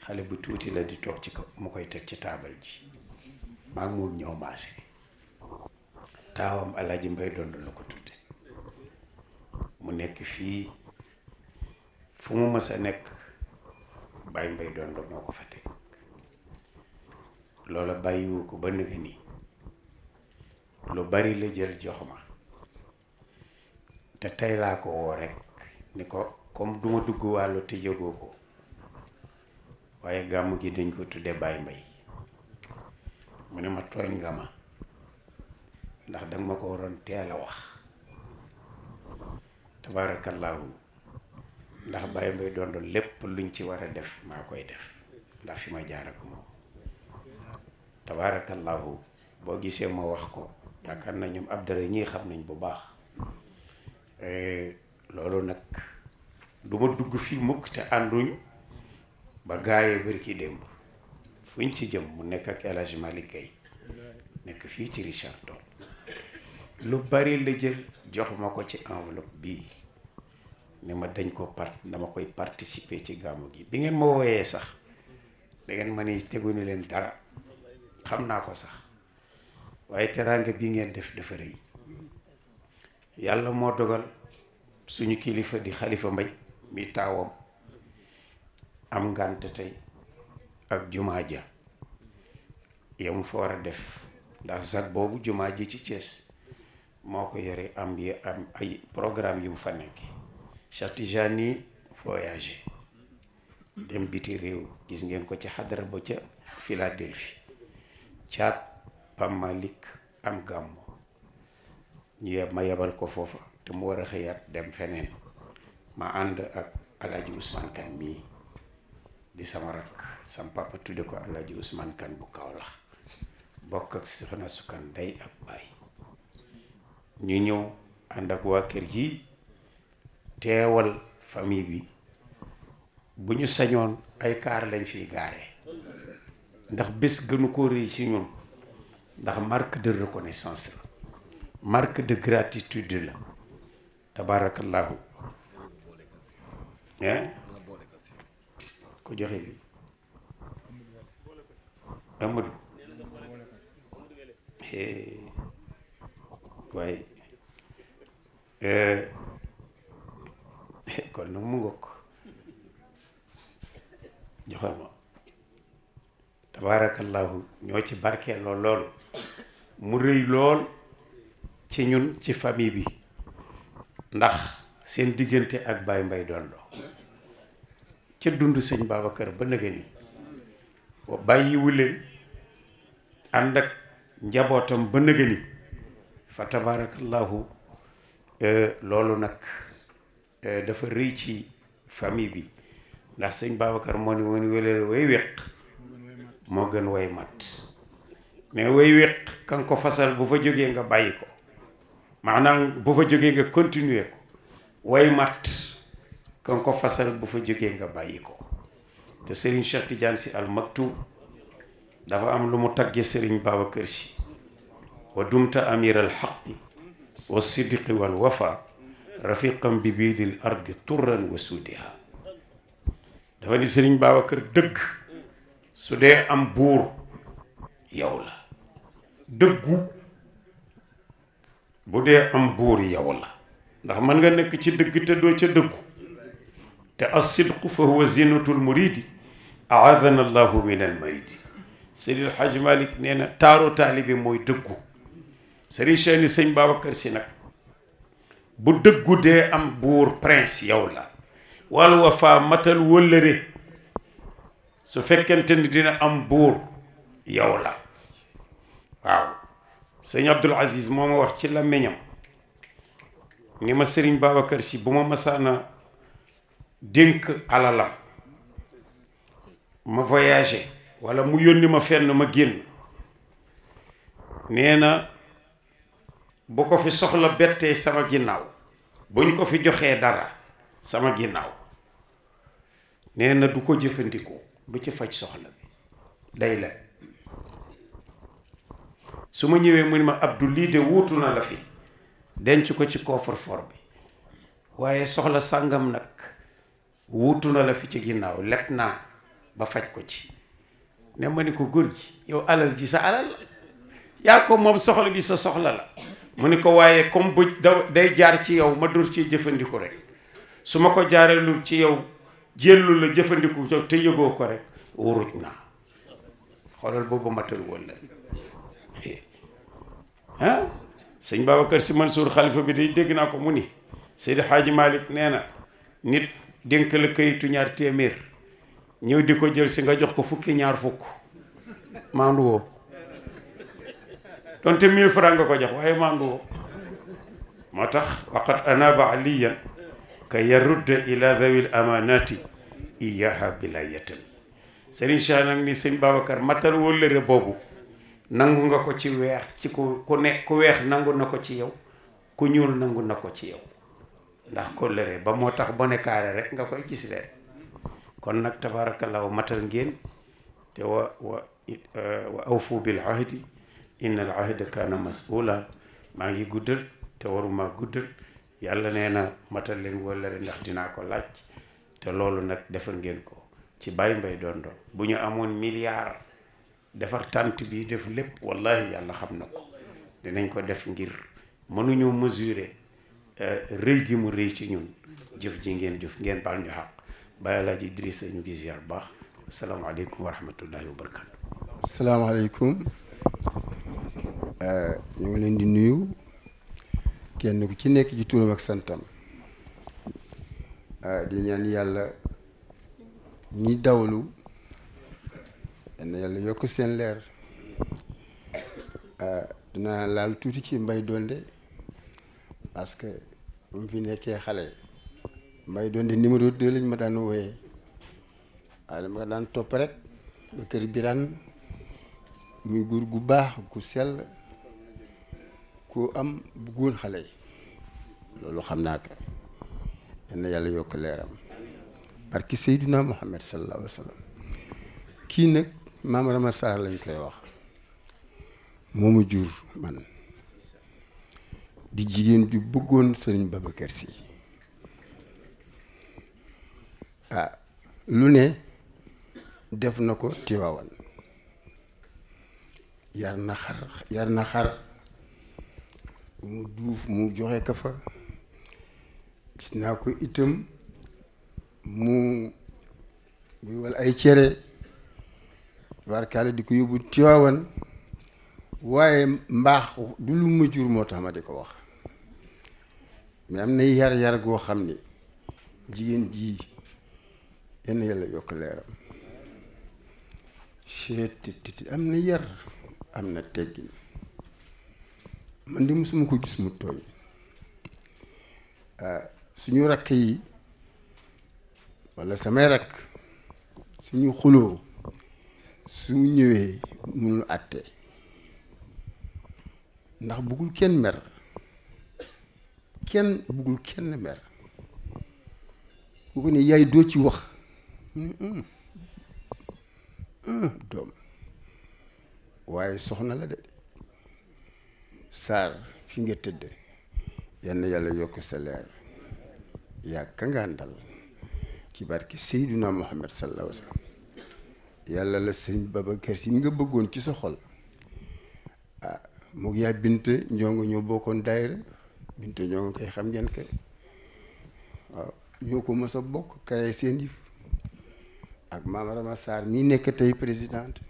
xale bu tuuti la di toog ci ko mu koy teg ci taabal ji maa ngi moom ñëw maase taawam Alaaji Mbaye Dondoo la ko tudde mu nekk fii fu mu mës a nekk Baye Mbaye Donde moo ko fa teg loola bàyyiwu ko ba nëgë nii lu bari la jël jox ma te tey laa ko woo rek ni ko comme duma dugg wàllu te jógoo ko waaye gàmm gi dañ ko tuddee Baye mbay mu ne ma tooñ nga ma ndax danga ma ko waroon teel a wax tabaarakallaahu ndax Baye Mbaye Donde lépp luñ ci war a def maa koy def ndax fi ma jaar ak moom tabaarakallaahu boo gisee ma wax ko yaakaar na ñoom ab dara ñii xam nañ bu baax eh, loolu nag du dugg fii mukk te ànduñu ba gaayee bari ki démb fuñ ci jëm mu nekk ak El Hadj Malick nekk fii ci Richard Toll lu bari la jël jox ko ci enveloppe bii ne ma dañ ko part dama koy participer ci gàmmu gi bi ngeen ma wooyee sax da ngeen ma ni teguñu leen dara xam naa ko sax waaye teraanga bi ngeen def dafa rëy yàlla moo dogal suñu kilifa di xalifa mbay mi taawam am ngànt tey ak jumaa ja yow mu fa war a def ndax zag boobu jumaa ji ci Thiès moo ko yore am yi am ay programme yu mu fa nekkee Cheikh Tijani voyagé dem biti réew gis ngeen ko ci xadara ba ca Philadelphie caat Pam Malik am gàmmu ñu ma yebal ko foofa te mu war a xëyaat dem feneen ma ànd ak alaaji Ousmane Kan mii di sama rakk sam papa tudde ko alaaji Ousmane Kan bu Kaolack bokk ak soxna sukkan ndey ak baay ñu ñëw ànd ak waa kër gi teewal famille bi bu ñu sañoon ay kaar lañ fiy gaare ndax bés gënu ko rëy ci ñun ndax marque de reconnaissance la marque de gratitude la tabaarakallaahu eh ko joxe bi waaye euh, kon nag mu ngokk joxe ma tabaarakallaahu ñoo ci barkeeloo lool mu rëy lool ci ñun ci famille bi ndax seen diggante ak Baye Mbaye Dondo ca dund sëñ Babacar ba nëgë bàyyiwu leen ànd ak njabootam ba nëgë ni fa tabaarakallaahu eh, loolu nag Euh, dafa rëy ci famille bi ndax sëñ Babacar moo ni woon wéléer way moo gën woy mat mais woy weq kan ko fasal bu fa jógee nga bàyyi ko maanaam bu fa jógee nga continuer ko way mat kan ko fasal bu fa jógee nga bàyyi ko te Serigne Cheikh si al Maktoum dafa am lu mu tagge Serigne kër si wa dumta amiral xaqi wa siddiqi wal rafiqan bi biidil ardi turran wa suudiha dafa di sëriñ Babacar dëgg su dee am buur yow la dëggu bu dee am buur yow la ndax mën nga nekk ci dëgg te doo ca dëggu te as-sidqu fa huwa zinatul muridi aadana allahu min al maridi nee na taaru taalibi mooy dëggu sëriñ Cheikh ni sëñ Babacar si nag bu dëggu dee am buur prince yow la wal wafa matal wëllëre su fekkente ni dina am buur yow la waaw sëñ Abdul Aziz moo ma wax ci làmmiñam ni ma sëriñ Babacar si bu ma masaana dénk alalam ma voyage walla mu yónni ma fenn ma génn nee bu ko fi soxla bettee sama ginnaaw buñ ko fi joxee dara sama ginnaaw nee du ko jëfandikoo du ci faj soxla bi day la su ma ñëwee mu ne ma Abdou lii de wuutu na la fi denc ko ci coffre-fort bi waaye soxla sàngam nag wuutu na la fi ci ginnaaw leb naa ba faj ko ci ne ma ne ko góor gi yow alal ji sa alal yaa ko moom soxla bi sa soxla la mu ni ko waaye comme bu day jaar ci yow ma dur ci jëfandiku rek su ma ko jaareelu ci yow jëllu la jëfandiku yow te yëgoo ko rek wuruj naa xoolal boobu matal woon la ah sëñ si Sy Mansour xalifa bi day dégg naa ko mu ni Seydi Hadji Malick nee na nit dénk kayitu ñaar téeméer ñëw di ko jël si nga jox ko fukki ñaar fukk maandu woo donte 1000 francs nga ko jox waaye màngu ko moo tax waqat anaba aliyan ka yarudda ila dawil amanati iyaha bila yetam Serigne Cheikh nag ni sëñ Babacar matal wóllëre boobu nangu nga ko ci weex ci ku ku ne ku weex nangu na ko ci yow ku ñuul nangu na ko ci yow ndax kóllëre ba moo tax bone kaare rek nga koy gis leen kon nag tabaarakallaahu matal ngeen te wa wa euh, wa awfu bil ahdi innal ahda kaana mas'uula maa ngi guddal te waruma guddal yàlla nee na matal leen wóllare ndax dinaa ko laaj te loolu nag defar ngeen ko ci bàyyi mbay doon doon bu ñu amoon milliard defar tànt bi def lépp wallahi yàlla xam na ko dinañ ko def ngir mënuñu mesurer euh, rëy ji mu rëy ci ñun jëf ji ngeen jëf ngeen baal ñu xaq bàyyi laa ji Idrissa ñu gis yar baax asalaamaaleykum wa rahmatullahi wa barakatu asalaamaaleykum Euh, ñu ngi leen di nuyu kenn ku ci nekk ci turam ak santam euh, di ñaan yàlla ñi dawlu na yàlla yokk seen leer euh, dinaa laal tuuti ci mbay donde parce que mu fi nekkee xale mbay donde numéro deux lañ ma daan wooyee waaye dama ko daan topp rek ba kër biraan muy góor gu baax ku sell ku am bëggoon xale yi loolu xam naa ko na yàlla yokk leeram parce que Muhammad sallallahu alayhi kii nag maam Rama lañ koy wax moomu jur man di jigéen ju bëggoon Sëriñ Babacar Sy ah lu ne def na ko Tiwaawan yar na xar yar na xar mu duuf mu joxe ka fa gis naa ko itam mu muy wal ay cere barkaale di ko yóbbu Tiwaawan waaye mbaax du lu ma jur moo tax ma di ko wax mais am na yar-yar goo xam ni jigéen jii yenn yàlla yokk leeram seet am na yar am na teggin man de mosuma ko gis mu tooy ah, suñu rakk yi walla samay rakk suñu xuloo su ñëwee mënul àtte ndax bëggul kenn mer kenn bëggul kenn mer ku ko ne yaay doo ci wax doom waaye soxna la de Sarr fi nga tëdd yal yàlla yokk sa leer yaa nga àndal ci barki Seydina Muhammad sallallahu alayhi yàlla la sëñ Babacar Si mi nga bëggoon ci sa xol ah moog yaa binte ñoo nga ñoo bokkoon daayira bint ñoo nga koy xam ngeen kay waaw ñoo ko mës bokk créé seen yëf ak maam Rama Sarr mii nekk tey présidente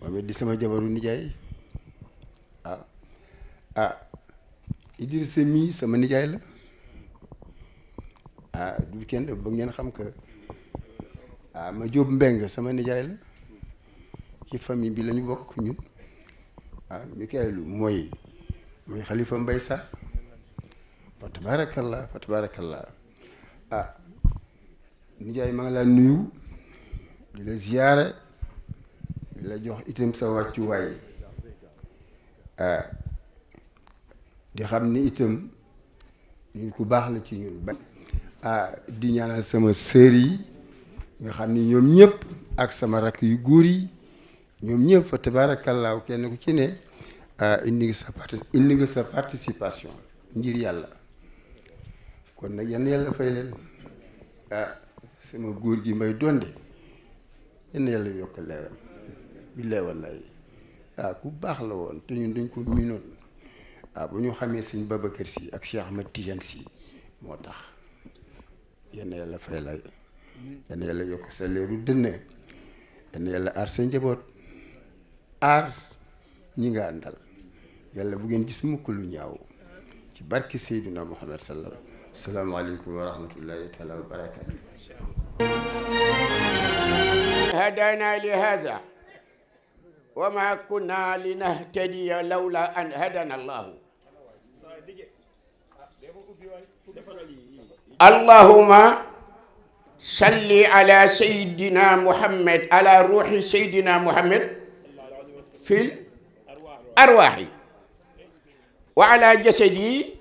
moom it di sama jabaru nijaay ah Idrissa mii sama nijaay la ah du kenn ba ngeen xam que ah ma jóob mbeng sama nijaay la ci famille bi lañu bokk ñun ah Mikaaylu mooy mooy xalifa mbay sax fa tabaarakallah fa tabaarakallah ah nijaay maa ngi laa nuyu di la ziyaare di la jox itam sa wàccuwaay ah di xam ni itam ñun ku baax la ci ñun ah di ñaanal sama sœur yi nga xam ni ñoom ñëpp ak sama rakk yu góor yi ñoom ñëpp fa tabaarakallaahu kenn ku ci ne ah, indi nga sa parti indi nga sa participation ngir yàlla kon nag yenn yàlla fay leen ah, sama góor gi may donde yenn yàlla yokk leeram billaay wallaay waaw ah, ku baax la woon te ñun dañ ko miinoon ah bu ñu xamee sëñ Babacar si ak Cheikh Ahmed Tidiane si moo tax yenn yàlla fay la yenn yàlla yokk sa leeru dënn yenn yàlla aar sa njaboot aar ñi nga àndal yàlla bu ngeen gis mukk lu ñaaw ci barki Seydina Muhammad sallam asalaamaaleykum wa rahmatullahi taala wa barakatu هدانا allahuma salli ala sayidina muhammad ala ruuxi sayidina muhammad fil arwaaxi wa ala jasadi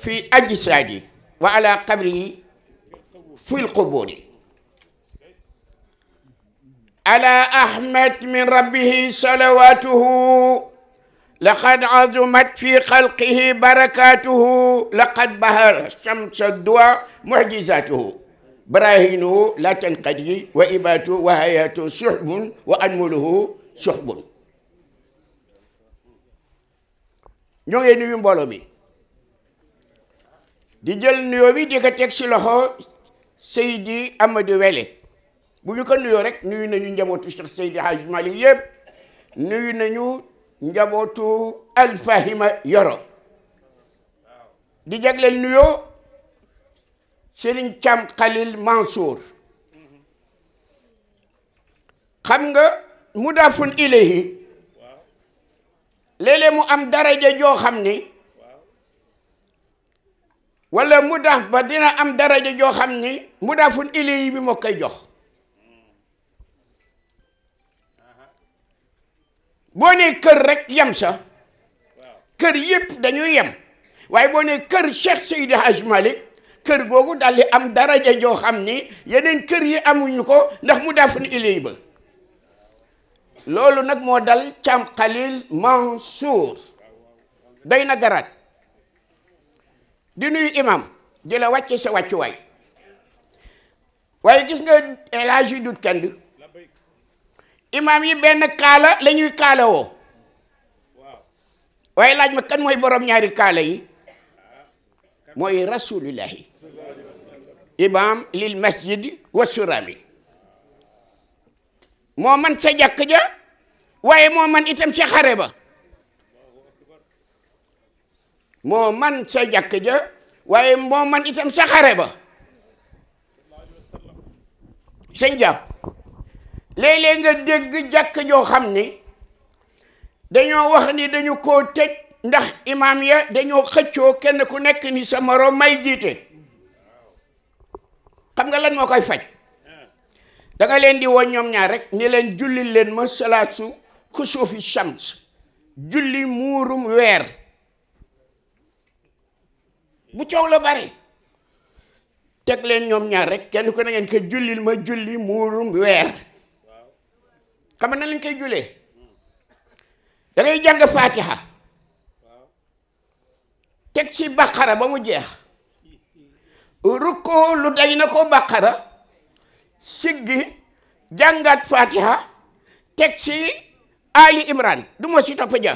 fi ajsaadi wa ala qabri fil quburi ala ahmad min rabbihi salawatuhu لقد عظمت في خلقه بركاته لقد بهر شمس الدواء معجزاته براهينه لا تنقضي وإباته وهياته سحب وأنمله سحب ñoo ngi nuyu mbooloo mi di jël nuyoo bi di ko teg si loxo Seydi Amadou Wele bu ñu ko nuyoo rek nuyu nañu njabootu Cheikh Seydi Hadj Malick yëpp nuyu nañu njabootu alfahima yoro di jagleel nuyoo Serigne Thiam Khalil Mansour xam nga mudaafun ilayhi léeg mu am daraja joo xam ni walla mudaaf ba dina am daraja joo xam ni mudaafun ilayhi bi moo koy jox boo nee kër rek yem sa kër yëpp dañuy yem waaye boo nee kër Cheikh Seydi Hadj Malick kër googu daal di am daraja joo xam ni yeneen kër yi amuñu ko ndax mu dafun ilay ba loolu nag moo dal Thiam Khalil Mansour doy na garaat di nuyu imam di la wàcce sa wàccuwaay waaye gis nga El Hadji Doudou Kende imaam yi benn kaala lañuy ñuy kaala woo waaye laaj ma kan mooy borom ñaari kaala yi ah, mooy rasulillahi imaam lil masjid wa surami moo man sa jàkk ja waaye moo man itam sa xare ba moo man jàkk ja waaye moo man itam sa xare ba sëñ léeg-léeg nga dégg jàkk joo xam ni dañoo wax ni dañu koo tëj ndax imaam ya dañoo xëccoo kenn ku nekk ni sa moroom may jiite xam nga lan moo koy faj danga leen di woon ñoom ñaar rek ni leen julli leen ma salaasu kusuufi shams julli muurum weer bu coow la bari teg leen ñoom ñaar rek kenn ku ne jullil ma julli muurum weer xam na lañ koy julee dangay ngay jàng faatiha teg ci baqara ba mu jeex rukkoo lu day na ko baqara siggi jàngaat faatiha teg ci ali imran duma ma si topp ja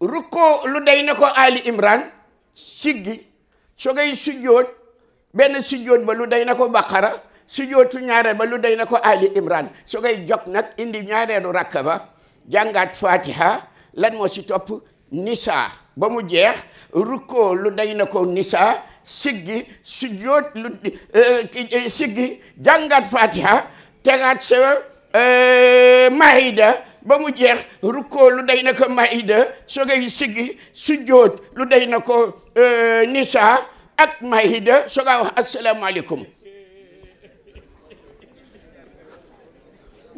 rukkoo lu day na ko ali imran siggi so ngay sujjoot benn sujjoot ba lu day na ko baqara su jootu ñaareel ba lu day na ko Ali Imran su koy jog nag indi ñaareelu rakk ba jàngaat fatiha lan moo si topp nisa ba mu jeex rukkoo lu day na ko nisa siggi su joot lu eh, eh, siggi jàngaat eh, ba mu jeex rukkoo lu day na ko maida su koy siggi lu day na ko nisa ak maida su gaa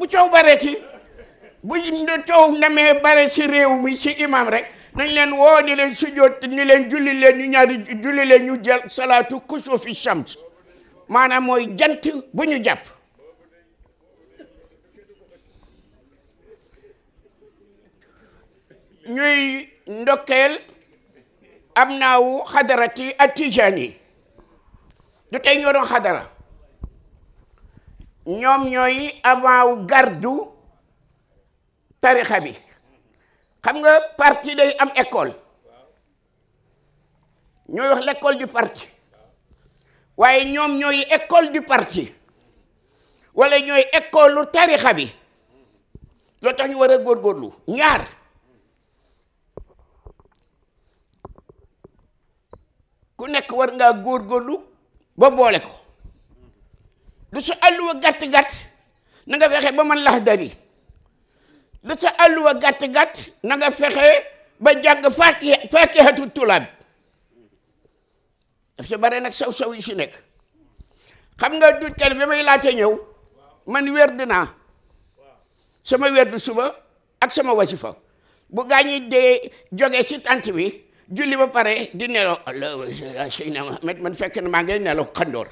bu coow bareeti bu coow namee bare si réew mi si imam rek nañ leen woo ni leen sujjoot ni leen julli leen ñu ñaari julli leen ñu jël salaatu kusufi shams maanaam mooy jant bu ñu jàpp ñuy ndokkeel am naawu xadarati atijani du tey ñoo doon xadara ñoom ñooy avant wu gardu tarixa bi xam nga parti day am école ñooy wax l'école du parti waaye ñoom ñooy école du parti wala ñooy école lu tarixa bi loo tax ñu war a góor góorlu ñaar ku nekk war ngaa góorlu ba boole ko lu sa àlluwa gàtt-gàtt na nga fexe ba man laxdari lu sa àlluwa gàtt-gàtt nanga nga fexe ba jàng faaki faakihatu tulaab daf bare nag saw-saw yi si nekk xam nga du kenn bi may laate ñëw man werd naa sama werd suba ak sama wasifa bu gaañi dee jóge si tant bi julli ba pare di nelaw allah sëy na Muhammad man fekk na maa ngay nelaw xandoor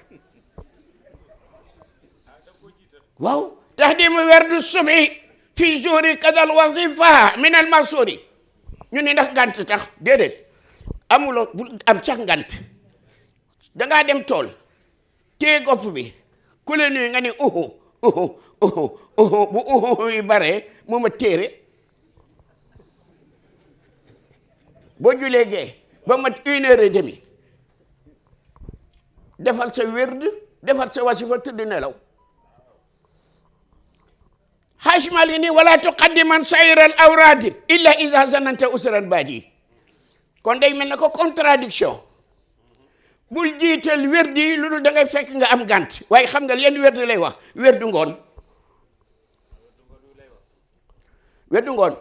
waaw tahdimu werdu subi fii juri kadal wazifa min al masuri ñu ni ndax ngant tax déedéet amuloo bu am sax ngant dangaa dem tool téye gopp bi ku la nuyu nga ne oho oho oho bu oho bare moom a téere boo julee gee ba mat une heure et demie defal sa wird defal sa wasifa tëdd nelaw ashmalini wala tuqaddiman sayral awradi illa iza zananta usran baadi kon day mel ne ko contradiction bul jiital werdi lu dul da ngay fekk nga am gànt waaye xam nga yenn werdi lay wax werdu ngoon werdu ngoon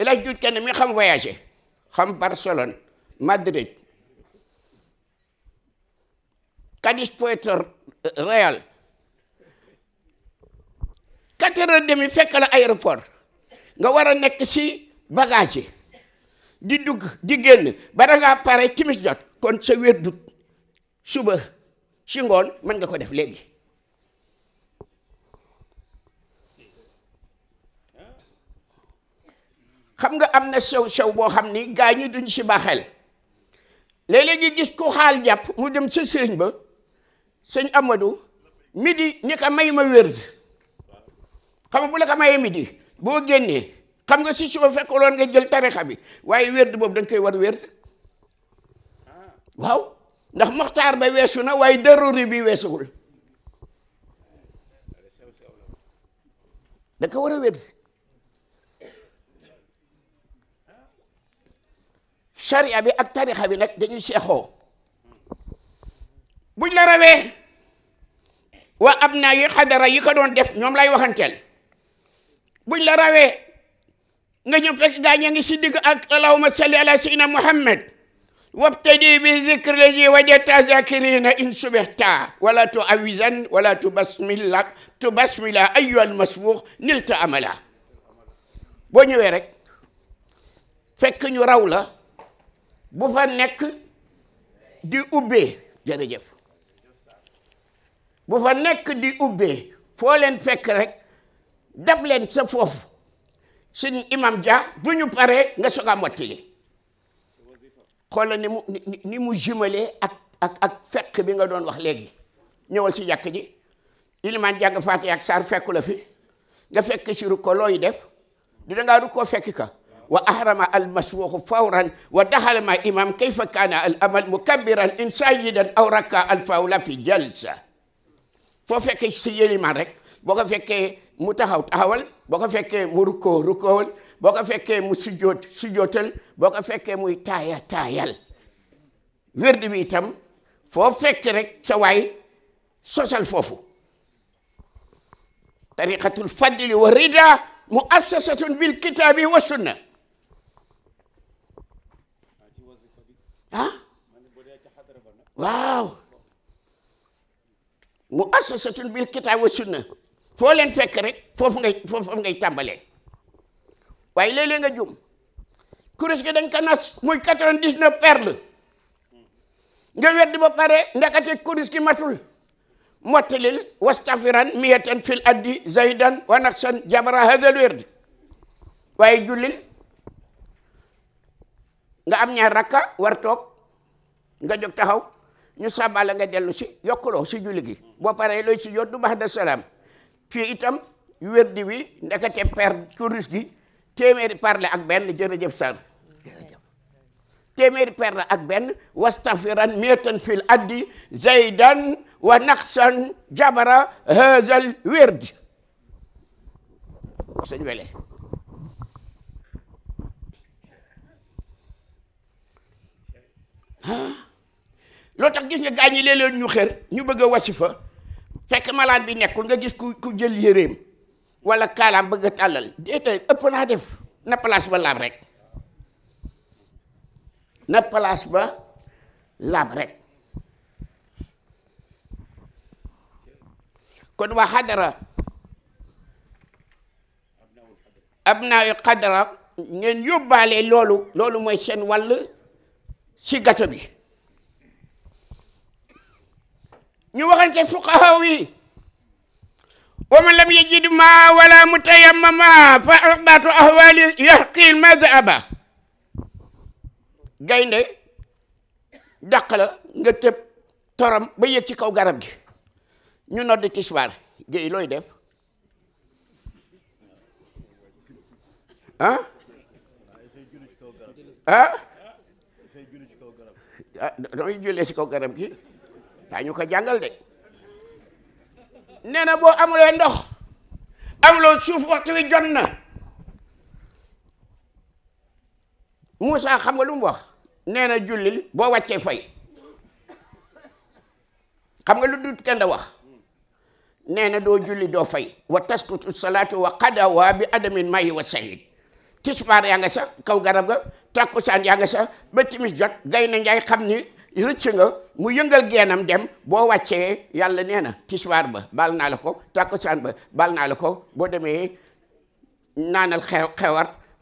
ilaj juuj kenn mi xam voyagé xam Barcelone Madrid Cadiz Puerto Real quatre heures demi fekk la aéroport nga war a nekk ci bagage yi di dugg di génn ba da ngaa pare timis jot kon sa wér dut suba si ngoon mën nga ko def léegi xam nga am na sew sew boo xam ni gaa ñi duñ si baaxel léeg-léeg gi gis ku xaal jàpp mu dem sa sëriñ ba sëñ Amadou midi ni ko may ma wérd xam nga bu la ko mayee midi boo génnee xam nga si suba fekkoloon nga jël tarixa bi waaye werd boobu da nga koy war werd waaw ndax moxtaar ba weesu na waaye daruri bi weesuwul da ko bi ak tarixa bi nag dañu seexoo buñ la rawee waa am naa yi xadara yi ko doon def ñoom lay waxanteel buñ la rawee nga ñëw fekk gaa ña ngi si digg ak allahumma salli ala sayyidina muhammad wabtadi bi zikri lazi wajata zakirina in subihta wala tu awizan wala tu basmila tu basmila ayyuha almasbuux nilta amala boo ñëwee rek fekk ñu raw la bu fa nekk di ubbee jërëjëf bu fa nekk di ubbee foo leen fekk rek dab leen sa foofu suñ imam Dia bu ñu paree nga soog a mottali xoolal ni mu ni mu jumelé ak ak fekk bi nga doon wax léegi ñëwal si jàkk ji ilimaan jàng faati ak saar fekku la fi nga fekk si ruko looy def di dangaa rukkoo fekki ka wa ahrama almaswaxu fawran wa daxal ma imam kayfa kaana al amal mukabiran in sayidan aw rakka alfawla fi jalsa foo fekkee si ilimaan rek boo ko fekkee mu taxaw taxawal boo ko fekkee mu rukkoo rukkoowal boo ko fekkee mu sujjoot sujjootal boo ko fekkee muy taaya taayal wérdi bi itam foo fekk rek sa waay sosal foofu tariqatul fadli wa rida muassasatun bil kitaabi wa sunna ah waaw muassasatun bil kitaabi wa sunna foo leen fekk rek foofu ngay foofu ngay tàmbalee waaye léeg-léeg nga jum kuréel gi dañ ko nas muy quatre-vingt-dix-neuf nga weddi ba pare ndekete kuréel gi matul mottalil wastafiran miyatan fil addi zaydan wa naqsan jabra hadal waaye jullil nga am ñaar rakka war toog nga jóg taxaw ñu sàbbaale nga dellu si yokkuloo si julli gi boo paree looy si jot du baax de salaam fii itam weddi wi ndekete per kuris gi téeméeri per ak benn jërëjëf Sall téeméeri per ak benn wastafiran miatan fil addi zaydan wa naqsan jabara hazal werdi sëñ wele loo tax gis nga gaañ yi ñu xër ñu bëgg a wasifa fekk malaan bi nekkul nga gis ku ku jël yéreem wala kaalam bëgg a tàllal déedéet ëpp naa def na place ba laab rek na place ba laab rek kon waa xadara ab naa yu xadara ngeen yóbbaale loolu loolu mooy seen wal ci gato bi ñu waxante fuqahaa yi wa man lam yajid ma wala mutayammama fa arbaatu ahwaali yahqil ma zaaba gaynde dàq la nga tëb toram ba yëg ci kaw garab gi ñu nodd tisbaar géey looy def ah ah damay jullee ci kaw garab gi daa ñu ko jàngal de nee na boo amulee ndox amuloo suuf waxtu wi jot na Moussa xam nga lu mu wax nee na jullil boo wàccee fay xam nga lu dut kenn da wax nee na doo julli doo fay wa taskutu salaatu wa qada bi adamin mayi wa sayid tisbaar yaa nga sa kaw garab ga takkusaan yaa nga sa ba timis jot gay na njaay xam ni rëcc nga mu yëngal geenam dem boo wàccee yàlla nee na tiswaar ba bal naa la ko tàkkusaan ba baal naa la ko boo demee naanal xew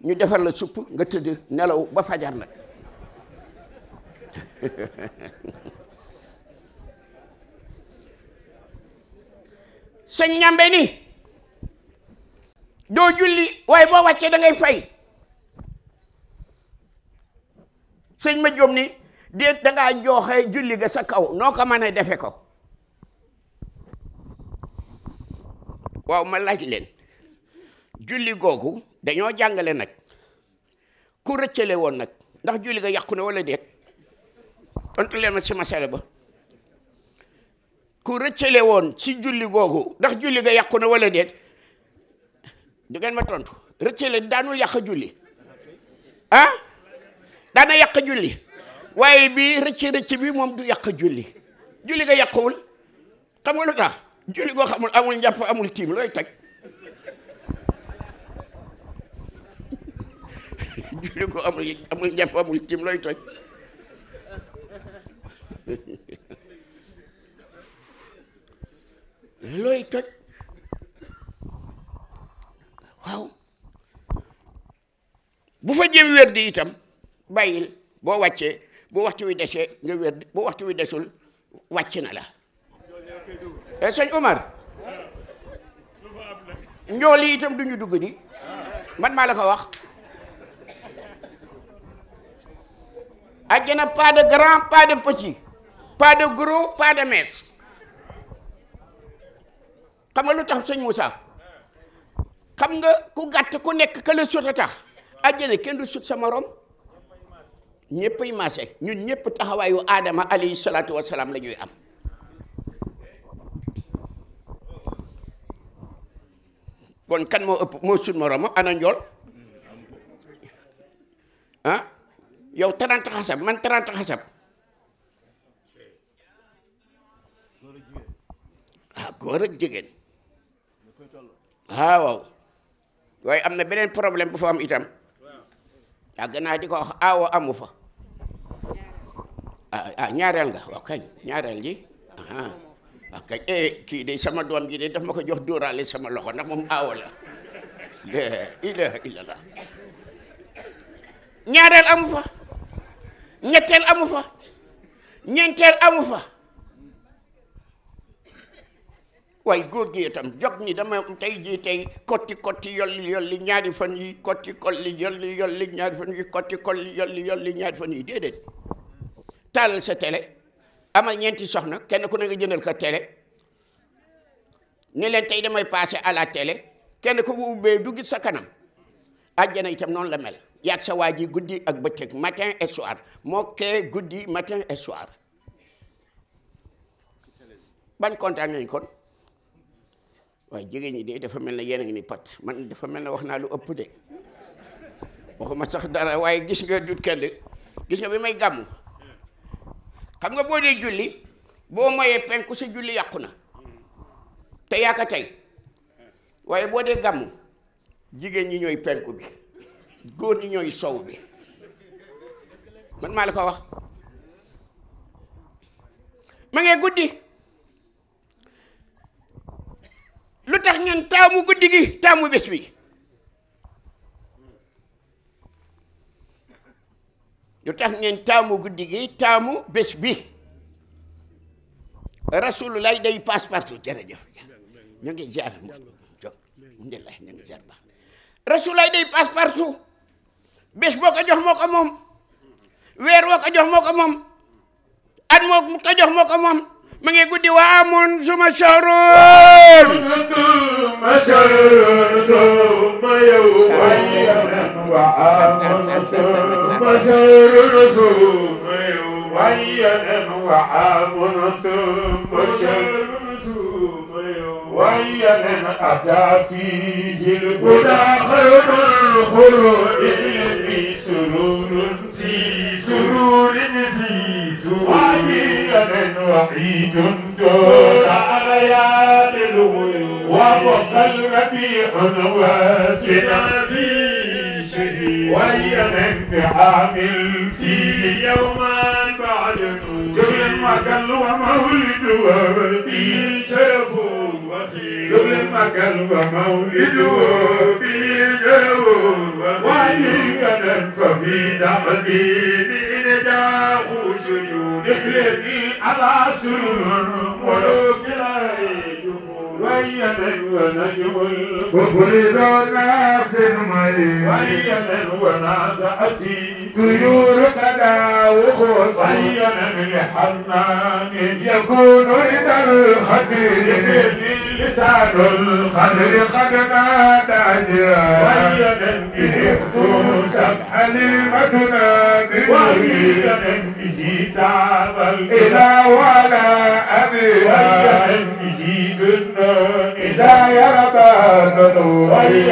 ñu defar la supp nga tëdd nelaw ba fajar nag sëñ ñambe ni doo julli waaye boo wàccee da ngay fay sëñ ma jóom ni déet da ngaa jooxee julli ga sa kaw noo ko mën a defe ko waaw ma laaj leen julli googu dañoo jàngale nag ku rëccale woon nag ndax julli ga yàqu na wala déet tontu leen si masala ba ku rëccale woon si julli googu ndax julli ga yàqu na wala déet du ngeen ma tontu rëccale daanu yàq julli ah daana yàq julli waaye bii rëcc rëcc bi moom du yàq julli julli nga yàquwul xam nga lu tax julli goo xamul amul njàpp amul tiim looy teg julli amul amul njàpp amul tiim looy teg looy toj waaw bu fa jëm wér di itam bàyyil boo wàccee bu waxtu wi desee nga wér bu waxtu wi desul wàcc na la e sëñ Omar njool yi itam duñu dugg di man maa la ko wax àjjana pas de grand pas de petit pas de gros pas de mince xam nga lu tax sëñ musa xam nga ku gàtt ku nekk ka la sut a tax àjjana kenn du sut sa morom ñëppay maase ñun ñëpp taxawaayu aadama alayhi salaatu wasalaam la am kon kan moo ëpp moo sut moroom ana njool ah yow 30 xasab man 30 xasab ah góor ak jigéen ah, waaye am na beneen problème bu fa am itam yàgg naa di ko wax aawo amu fa Ah, ah, ah ñaareel nga waaw kañ ñaareel ji ah waaw kañ eh, kii de sama doom ji de daf ma ko jox dóoraale sama loxo ndax moom aawa la la ilaha illallah ñaareel amu fa ñetteel amu fa ñeenteel amu fa waaye góor gi itam jog ni dama tey jii tey kotti kotti yolli yolli ñaari fan yi kotti kolli yolli yolli ñaari fan yi kotti kolli yolli yolli ñaari fan yi déedéet taalal sa télé amal ñeenti soxna kenn ku ne nga jëndal ko télé ni leen tey damay passé à télé kenn ku bu ubbee du gis sa kanam àjjana tam noonu la mel yaag sa waa ji guddi ak bëccëg matin et soir guddi matin et ban bañ kontaan nañ kon waaye jigéen ñi de dafa mel na yéen a ngi ni pat man dafa mel na wax naa lu ëpp de waxuma sax dara waaye gis nga dut kenn gis nga bi may gàmmu xam nga boo dee julli boo moyee penku sa julli yàqu na te yaaka tey waaye boo dee gàmmu jigéen ñi ñooy penku bi góor ñi ñooy sow bi man maa la ko wax ma ngee guddi lu tax ngeen taamu guddi gi taamu bés bi lu tax ngeen taamu guddi gi taamu bés bi rasulullah day passe partout jërëjëf ñu ngi ziar mu alhamdulilah ñu ngi ziar day passe partout bés boo ko jox moo weer woo ko jox moo ko moom at moo jox moo ma ngi guddi wa amoon suma soroon ma soroon suma yow wa amoon suma soroon suma yow wa amoon suma soroon ويا من أتى فيه الهدى خير الخلود في سرور في سرور في سرور ويا من وحيد دون عليان الغيوب وبقى الربيع واسنا في ويا من بحام الفيل يوما بعد جبل وكل ومولد وفي شرفه كل مكان ومولد في جو وعيدا ففي دعمتي من داخل سجود اخلني على سرور ولو كلاي ويا من ونجم الكفر دون نفس المي ويا من ونازعتي طيور كدا وخوص ويا من لحنان يكون رضا الخطير لسان الخضر قد نادى ويا من به سبح لمتنا ويا من به تعب الإله ولا أبي ويا من إذا يربى بدوري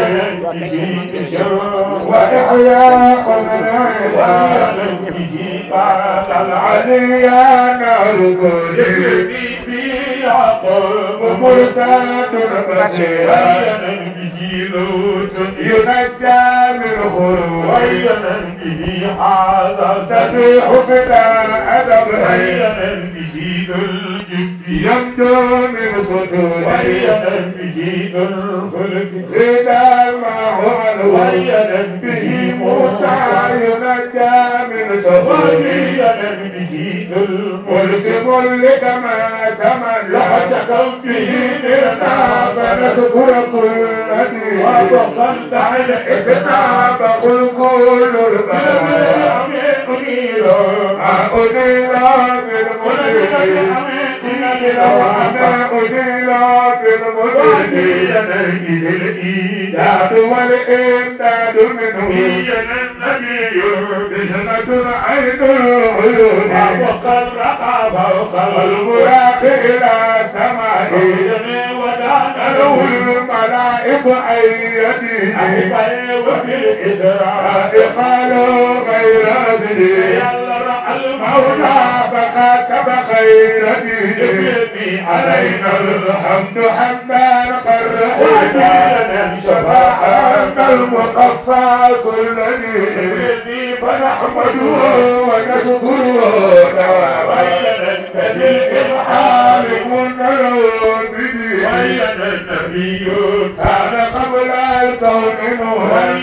وإحياء منايا بعد العليا نرقد ومرتات بشيرا ينجى من خروج به حاضر تفيح بلا أدب به يكتم الصدور ويدا به الفلك إلى المعون ويدا به موسى ينجى من صدور ويدا به الملك ملك ما تمن لا تكن به إلنا فنذكر كل هدي وتقل عن إتناب قل كل البلد أمير أنير بالملك أنا أدل في المدنيين الإيجاد والإمداد منه النبي بسمة عين العيون وقرأ فوق البراق إلى سماه ودعنا له الملائك أن يديه وفي الإسراء قالوا غير ذلك المولى فكاتب خير الجميع علينا الحمد حمدا قرحنا شفاعة المقفى كل فنحمده ونشكره كذلك الحال منكر به وين النبي كان قبل الكون نورا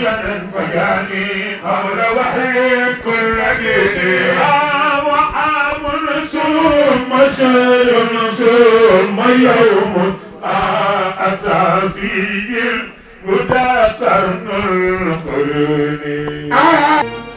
فجاني قول وحي كل دين وعام ثم شهر ثم يوم أتى فيه المدى قرن القرون